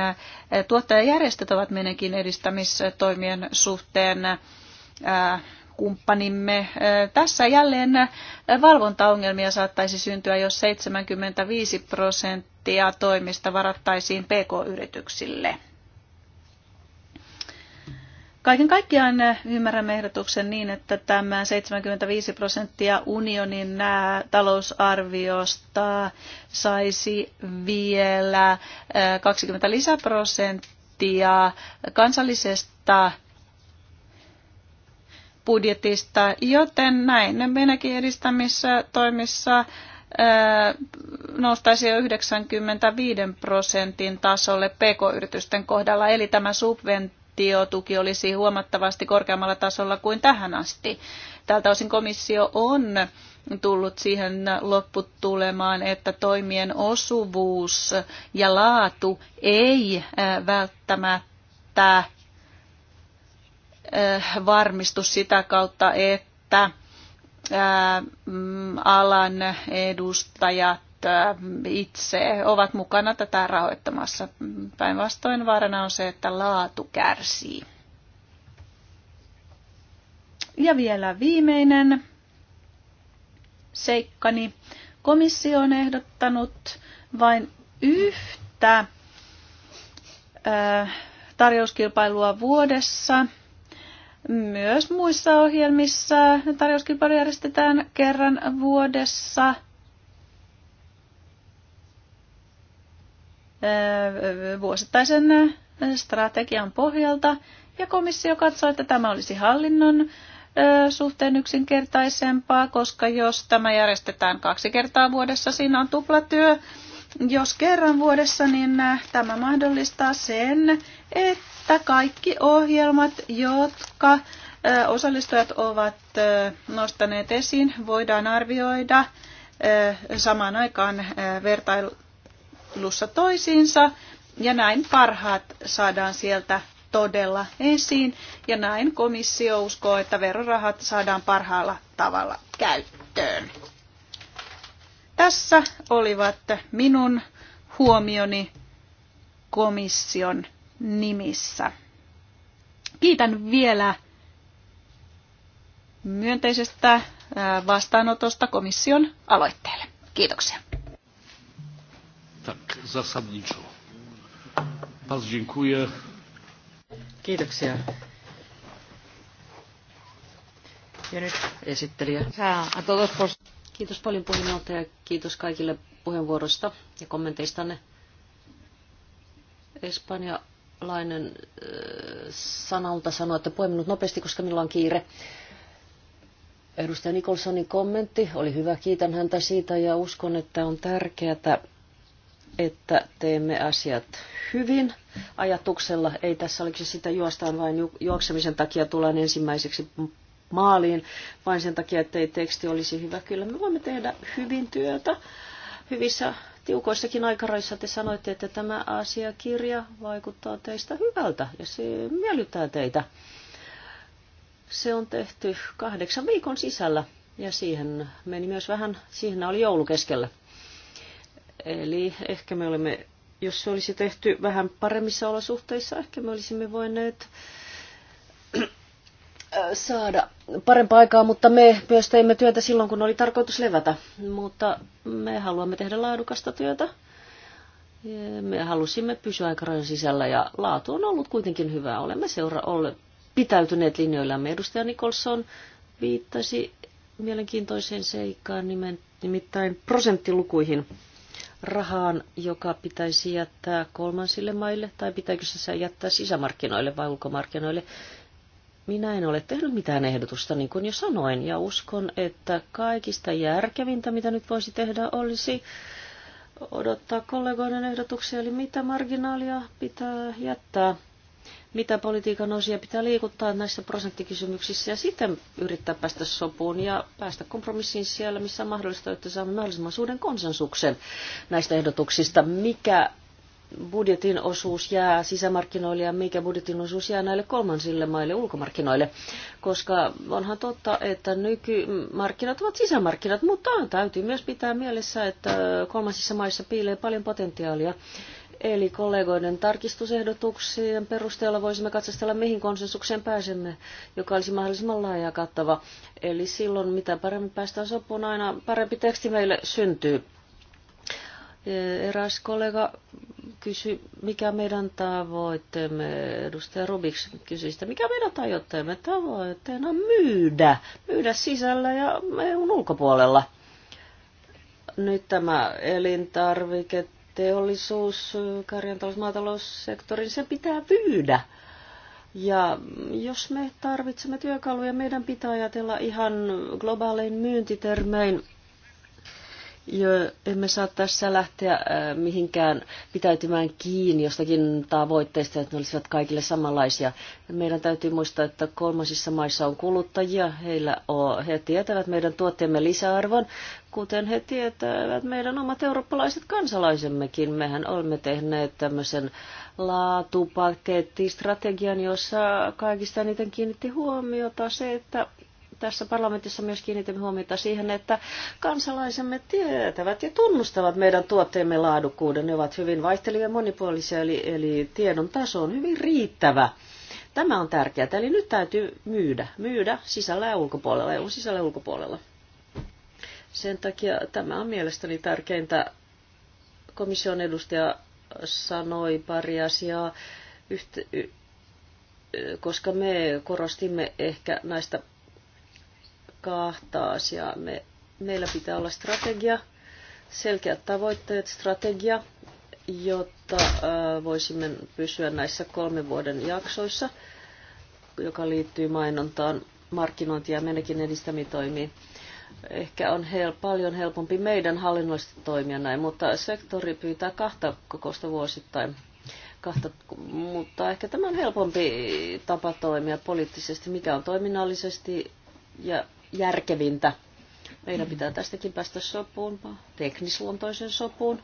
tuottajajärjestöt ovat menekin edistämistoimien suhteen kumppanimme. Tässä jälleen valvontaongelmia saattaisi syntyä, jos 75 prosenttia toimista varattaisiin pk-yrityksille. Kaiken kaikkiaan ymmärrämme ehdotuksen niin, että tämä 75 prosenttia unionin talousarviosta saisi vielä 20 lisäprosenttia kansallisesta budjetista, joten näin meidänkin edistämissä toimissa nostaisi jo 95 prosentin tasolle pk-yritysten kohdalla, eli tämä subventiotuki olisi huomattavasti korkeammalla tasolla kuin tähän asti. Tältä osin komissio on tullut siihen lopputulemaan, että toimien osuvuus ja laatu ei välttämättä Eh, varmistu sitä kautta, että eh, mm, alan edustajat eh, itse ovat mukana tätä rahoittamassa. Päinvastoin vaarana on se, että laatu kärsii. Ja vielä viimeinen seikkani. Komissio on ehdottanut vain yhtä tarjouskilpailua vuodessa myös muissa ohjelmissa tarjouskilpailu järjestetään kerran vuodessa. vuosittaisen strategian pohjalta ja komissio katsoi, että tämä olisi hallinnon suhteen yksinkertaisempaa, koska jos tämä järjestetään kaksi kertaa vuodessa, siinä on tuplatyö jos kerran vuodessa, niin äh, tämä mahdollistaa sen, että kaikki ohjelmat, jotka äh, osallistujat ovat äh, nostaneet esiin, voidaan arvioida samaan aikaan vertailussa toisiinsa, ja näin parhaat saadaan sieltä todella esiin, ja näin komissio uskoo, että verorahat saadaan parhaalla tavalla käyttöön. Tässä olivat minun huomioni komission nimissä. Kiitän vielä myönteisestä äh, vastaanotosta komission aloitteelle. Kiitoksia. Tak, zasadniczo. Bardzo dziękuję. Kiitoksia. Ja nyt esittelijä. A todos Kiitos paljon puheenjohtaja ja kiitos kaikille puheenvuoroista ja kommenteistanne. Espanjalainen äh, sanalta sanoi, että minut nopeasti, koska minulla on kiire. Edustaja Nikolsonin kommentti oli hyvä, kiitän häntä siitä ja uskon, että on tärkeää, että teemme asiat hyvin ajatuksella. Ei tässä oliko se sitä juostaan vain juoksemisen takia tulen ensimmäiseksi maaliin vain sen takia, että ei teksti olisi hyvä. Kyllä me voimme tehdä hyvin työtä hyvissä tiukoissakin aikaraissa te sanoitte, että tämä asiakirja vaikuttaa teistä hyvältä ja se miellyttää teitä. Se on tehty kahdeksan viikon sisällä ja siihen meni myös vähän, siihen oli joulukeskellä, Eli ehkä me olemme, jos se olisi tehty vähän paremmissa olosuhteissa, ehkä me olisimme voineet saada parempaa aikaa, mutta me myös teimme työtä silloin, kun oli tarkoitus levätä. Mutta me haluamme tehdä laadukasta työtä. Me halusimme pysyä aikarajan sisällä ja laatu on ollut kuitenkin hyvää. Olemme seura olle pitäytyneet linjoillamme. Edustaja Nikolson viittasi mielenkiintoiseen seikkaan nimittäin prosenttilukuihin rahaan, joka pitäisi jättää kolmansille maille, tai pitäisikö se jättää sisämarkkinoille vai ulkomarkkinoille. Minä en ole tehnyt mitään ehdotusta, niin kuin jo sanoin, ja uskon, että kaikista järkevintä, mitä nyt voisi tehdä, olisi odottaa kollegoiden ehdotuksia, eli mitä marginaalia pitää jättää, mitä politiikan osia pitää liikuttaa näissä prosenttikysymyksissä, ja sitten yrittää päästä sopuun ja päästä kompromissiin siellä, missä on mahdollista, että saamme mahdollisimman suuren konsensuksen näistä ehdotuksista, mikä budjetin osuus jää sisämarkkinoille ja mikä budjetin osuus jää näille kolmansille maille ulkomarkkinoille. Koska onhan totta, että nykymarkkinat ovat sisämarkkinat, mutta täytyy myös pitää mielessä, että kolmansissa maissa piilee paljon potentiaalia. Eli kollegoiden tarkistusehdotuksien perusteella voisimme katsastella, mihin konsensukseen pääsemme, joka olisi mahdollisimman laaja ja kattava. Eli silloin, mitä paremmin päästään sopuun, aina parempi teksti meille syntyy. Eräs kollega kysyi, mikä meidän tavoitteemme, edustaja Rubiks kysyi sitä, mikä meidän tavoitteemme tavoitteena myydä, myydä sisällä ja EUn ulkopuolella. Nyt tämä elintarvike, teollisuus, karjantalous, maataloussektorin, se pitää myydä. Ja jos me tarvitsemme työkaluja, meidän pitää ajatella ihan globaalein myyntitermein jo, emme saa tässä lähteä äh, mihinkään pitäytymään kiinni jostakin tavoitteista, että ne olisivat kaikille samanlaisia. Meidän täytyy muistaa, että kolmansissa maissa on kuluttajia, heillä on, he tietävät meidän tuotteemme lisäarvon, kuten he tietävät meidän omat eurooppalaiset kansalaisemmekin. Mehän olemme tehneet tämmöisen laatupakettistrategian, jossa kaikista niiden kiinnitti huomiota se, että tässä parlamentissa myös kiinnitämme huomiota siihen, että kansalaisemme tietävät ja tunnustavat meidän tuotteemme laadukkuuden. Ne ovat hyvin vaihtelevia ja monipuolisia, eli, eli tiedon taso on hyvin riittävä. Tämä on tärkeää, eli nyt täytyy myydä, myydä sisällä ja ulkopuolella, EUn sisällä ja ulkopuolella. Sen takia tämä on mielestäni tärkeintä. Komission edustaja sanoi pari asiaa, koska me korostimme ehkä näistä kahta asiaa. Me, meillä pitää olla strategia, selkeät tavoitteet, strategia, jotta äh, voisimme pysyä näissä kolmen vuoden jaksoissa, joka liittyy mainontaan, markkinointiin ja menekin edistämitoimiin. Ehkä on hel- paljon helpompi meidän hallinnollisesti toimia näin, mutta sektori pyytää kahta kokousta vuosittain. Kahta, mutta ehkä tämä on helpompi tapa toimia poliittisesti, mikä on toiminnallisesti ja järkevintä. Meidän pitää tästäkin päästä sopuun, teknisluontoisen sopuun.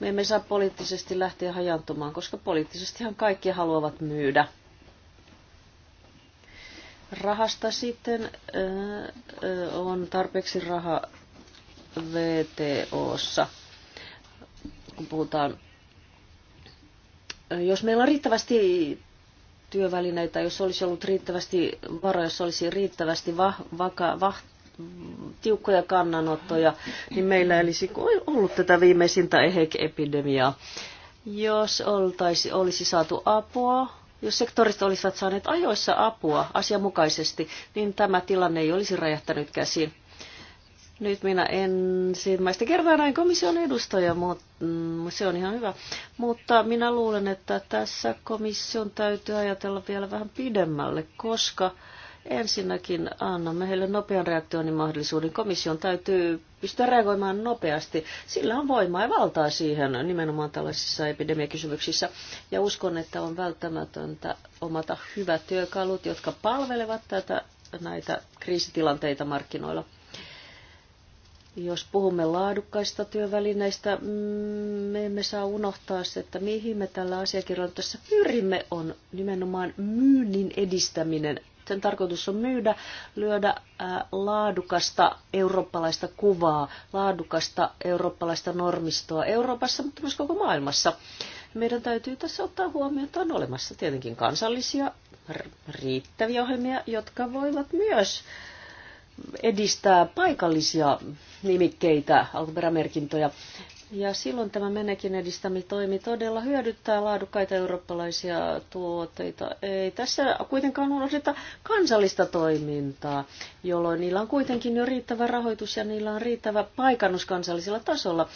Me emme saa poliittisesti lähteä hajantumaan, koska poliittisestihan kaikki haluavat myydä. Rahasta sitten on tarpeeksi raha VTOssa, kun puhutaan jos meillä on riittävästi työvälineitä, jos olisi ollut riittävästi varoja, jos olisi riittävästi va, vaka, va, tiukkoja kannanottoja, niin meillä olisi ollut tätä viimeisintä EHEC-epidemiaa. Jos oltaisi, olisi saatu apua, jos sektorit olisivat saaneet ajoissa apua asianmukaisesti, niin tämä tilanne ei olisi räjähtänyt käsiin. Nyt minä ensimmäistä kertaa näin komission edustaja, mutta mm, se on ihan hyvä. Mutta minä luulen, että tässä komission täytyy ajatella vielä vähän pidemmälle, koska ensinnäkin annamme heille nopean reaktionin mahdollisuuden. Komission täytyy pystyä reagoimaan nopeasti. Sillä on voimaa ja valtaa siihen nimenomaan tällaisissa epidemiakysymyksissä. Ja uskon, että on välttämätöntä omata hyvät työkalut, jotka palvelevat tätä, näitä kriisitilanteita markkinoilla. Jos puhumme laadukkaista työvälineistä, mm, me emme saa unohtaa se, että mihin me tällä asiakirjalla tässä pyrimme, on nimenomaan myynnin edistäminen. Sen tarkoitus on myydä, lyödä laadukasta eurooppalaista kuvaa, laadukasta eurooppalaista normistoa Euroopassa, mutta myös koko maailmassa. Meidän täytyy tässä ottaa huomioon, että on olemassa tietenkin kansallisia riittäviä ohjelmia, jotka voivat myös edistää paikallisia nimikkeitä, alkuperämerkintöjä. Ja silloin tämä menekin edistämitoimi todella hyödyttää laadukkaita eurooppalaisia tuotteita. Ei tässä kuitenkaan unohdeta kansallista toimintaa, jolloin niillä on kuitenkin jo riittävä rahoitus ja niillä on riittävä paikannus kansallisella tasolla.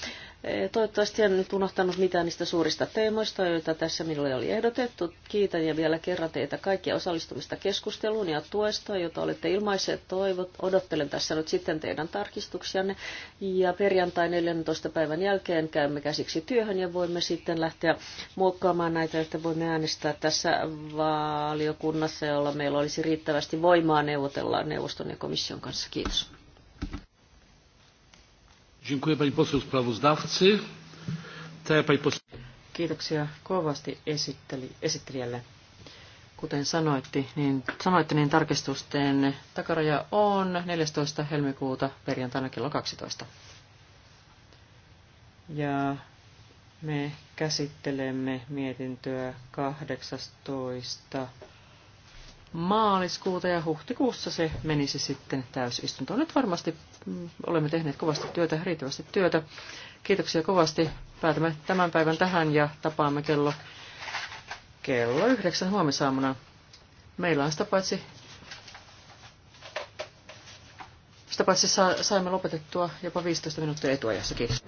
Toivottavasti en nyt unohtanut mitään niistä suurista teemoista, joita tässä minulle oli ehdotettu. Kiitän ja vielä kerran teitä kaikkia osallistumista keskusteluun ja tuesta, jota olette ilmaiset toivot. Odottelen tässä nyt sitten teidän tarkistuksianne. Ja perjantai 14. päivän jälkeen käymme käsiksi työhön ja voimme sitten lähteä muokkaamaan näitä, että voimme äänestää tässä valiokunnassa, jolla meillä olisi riittävästi voimaa neuvotella neuvoston ja komission kanssa. Kiitos. Dziękuję pani poseł sprawozdawcy. Kiitoksia kovasti esitteli, esittelijälle. Kuten sanoitte niin, sanoitte, niin tarkistusten takaraja on 14. helmikuuta perjantaina kello 12. Ja me käsittelemme mietintöä 18 maaliskuuta ja huhtikuussa se menisi sitten täysistuntoon. Nyt varmasti mm, olemme tehneet kovasti työtä, riittävästi työtä. Kiitoksia kovasti. Päätämme tämän päivän tähän ja tapaamme kello, kello yhdeksän huomisaamuna. Meillä on sitä paitsi, sitä paitsi saimme lopetettua jopa 15 minuuttia etuajassa. Kiitos.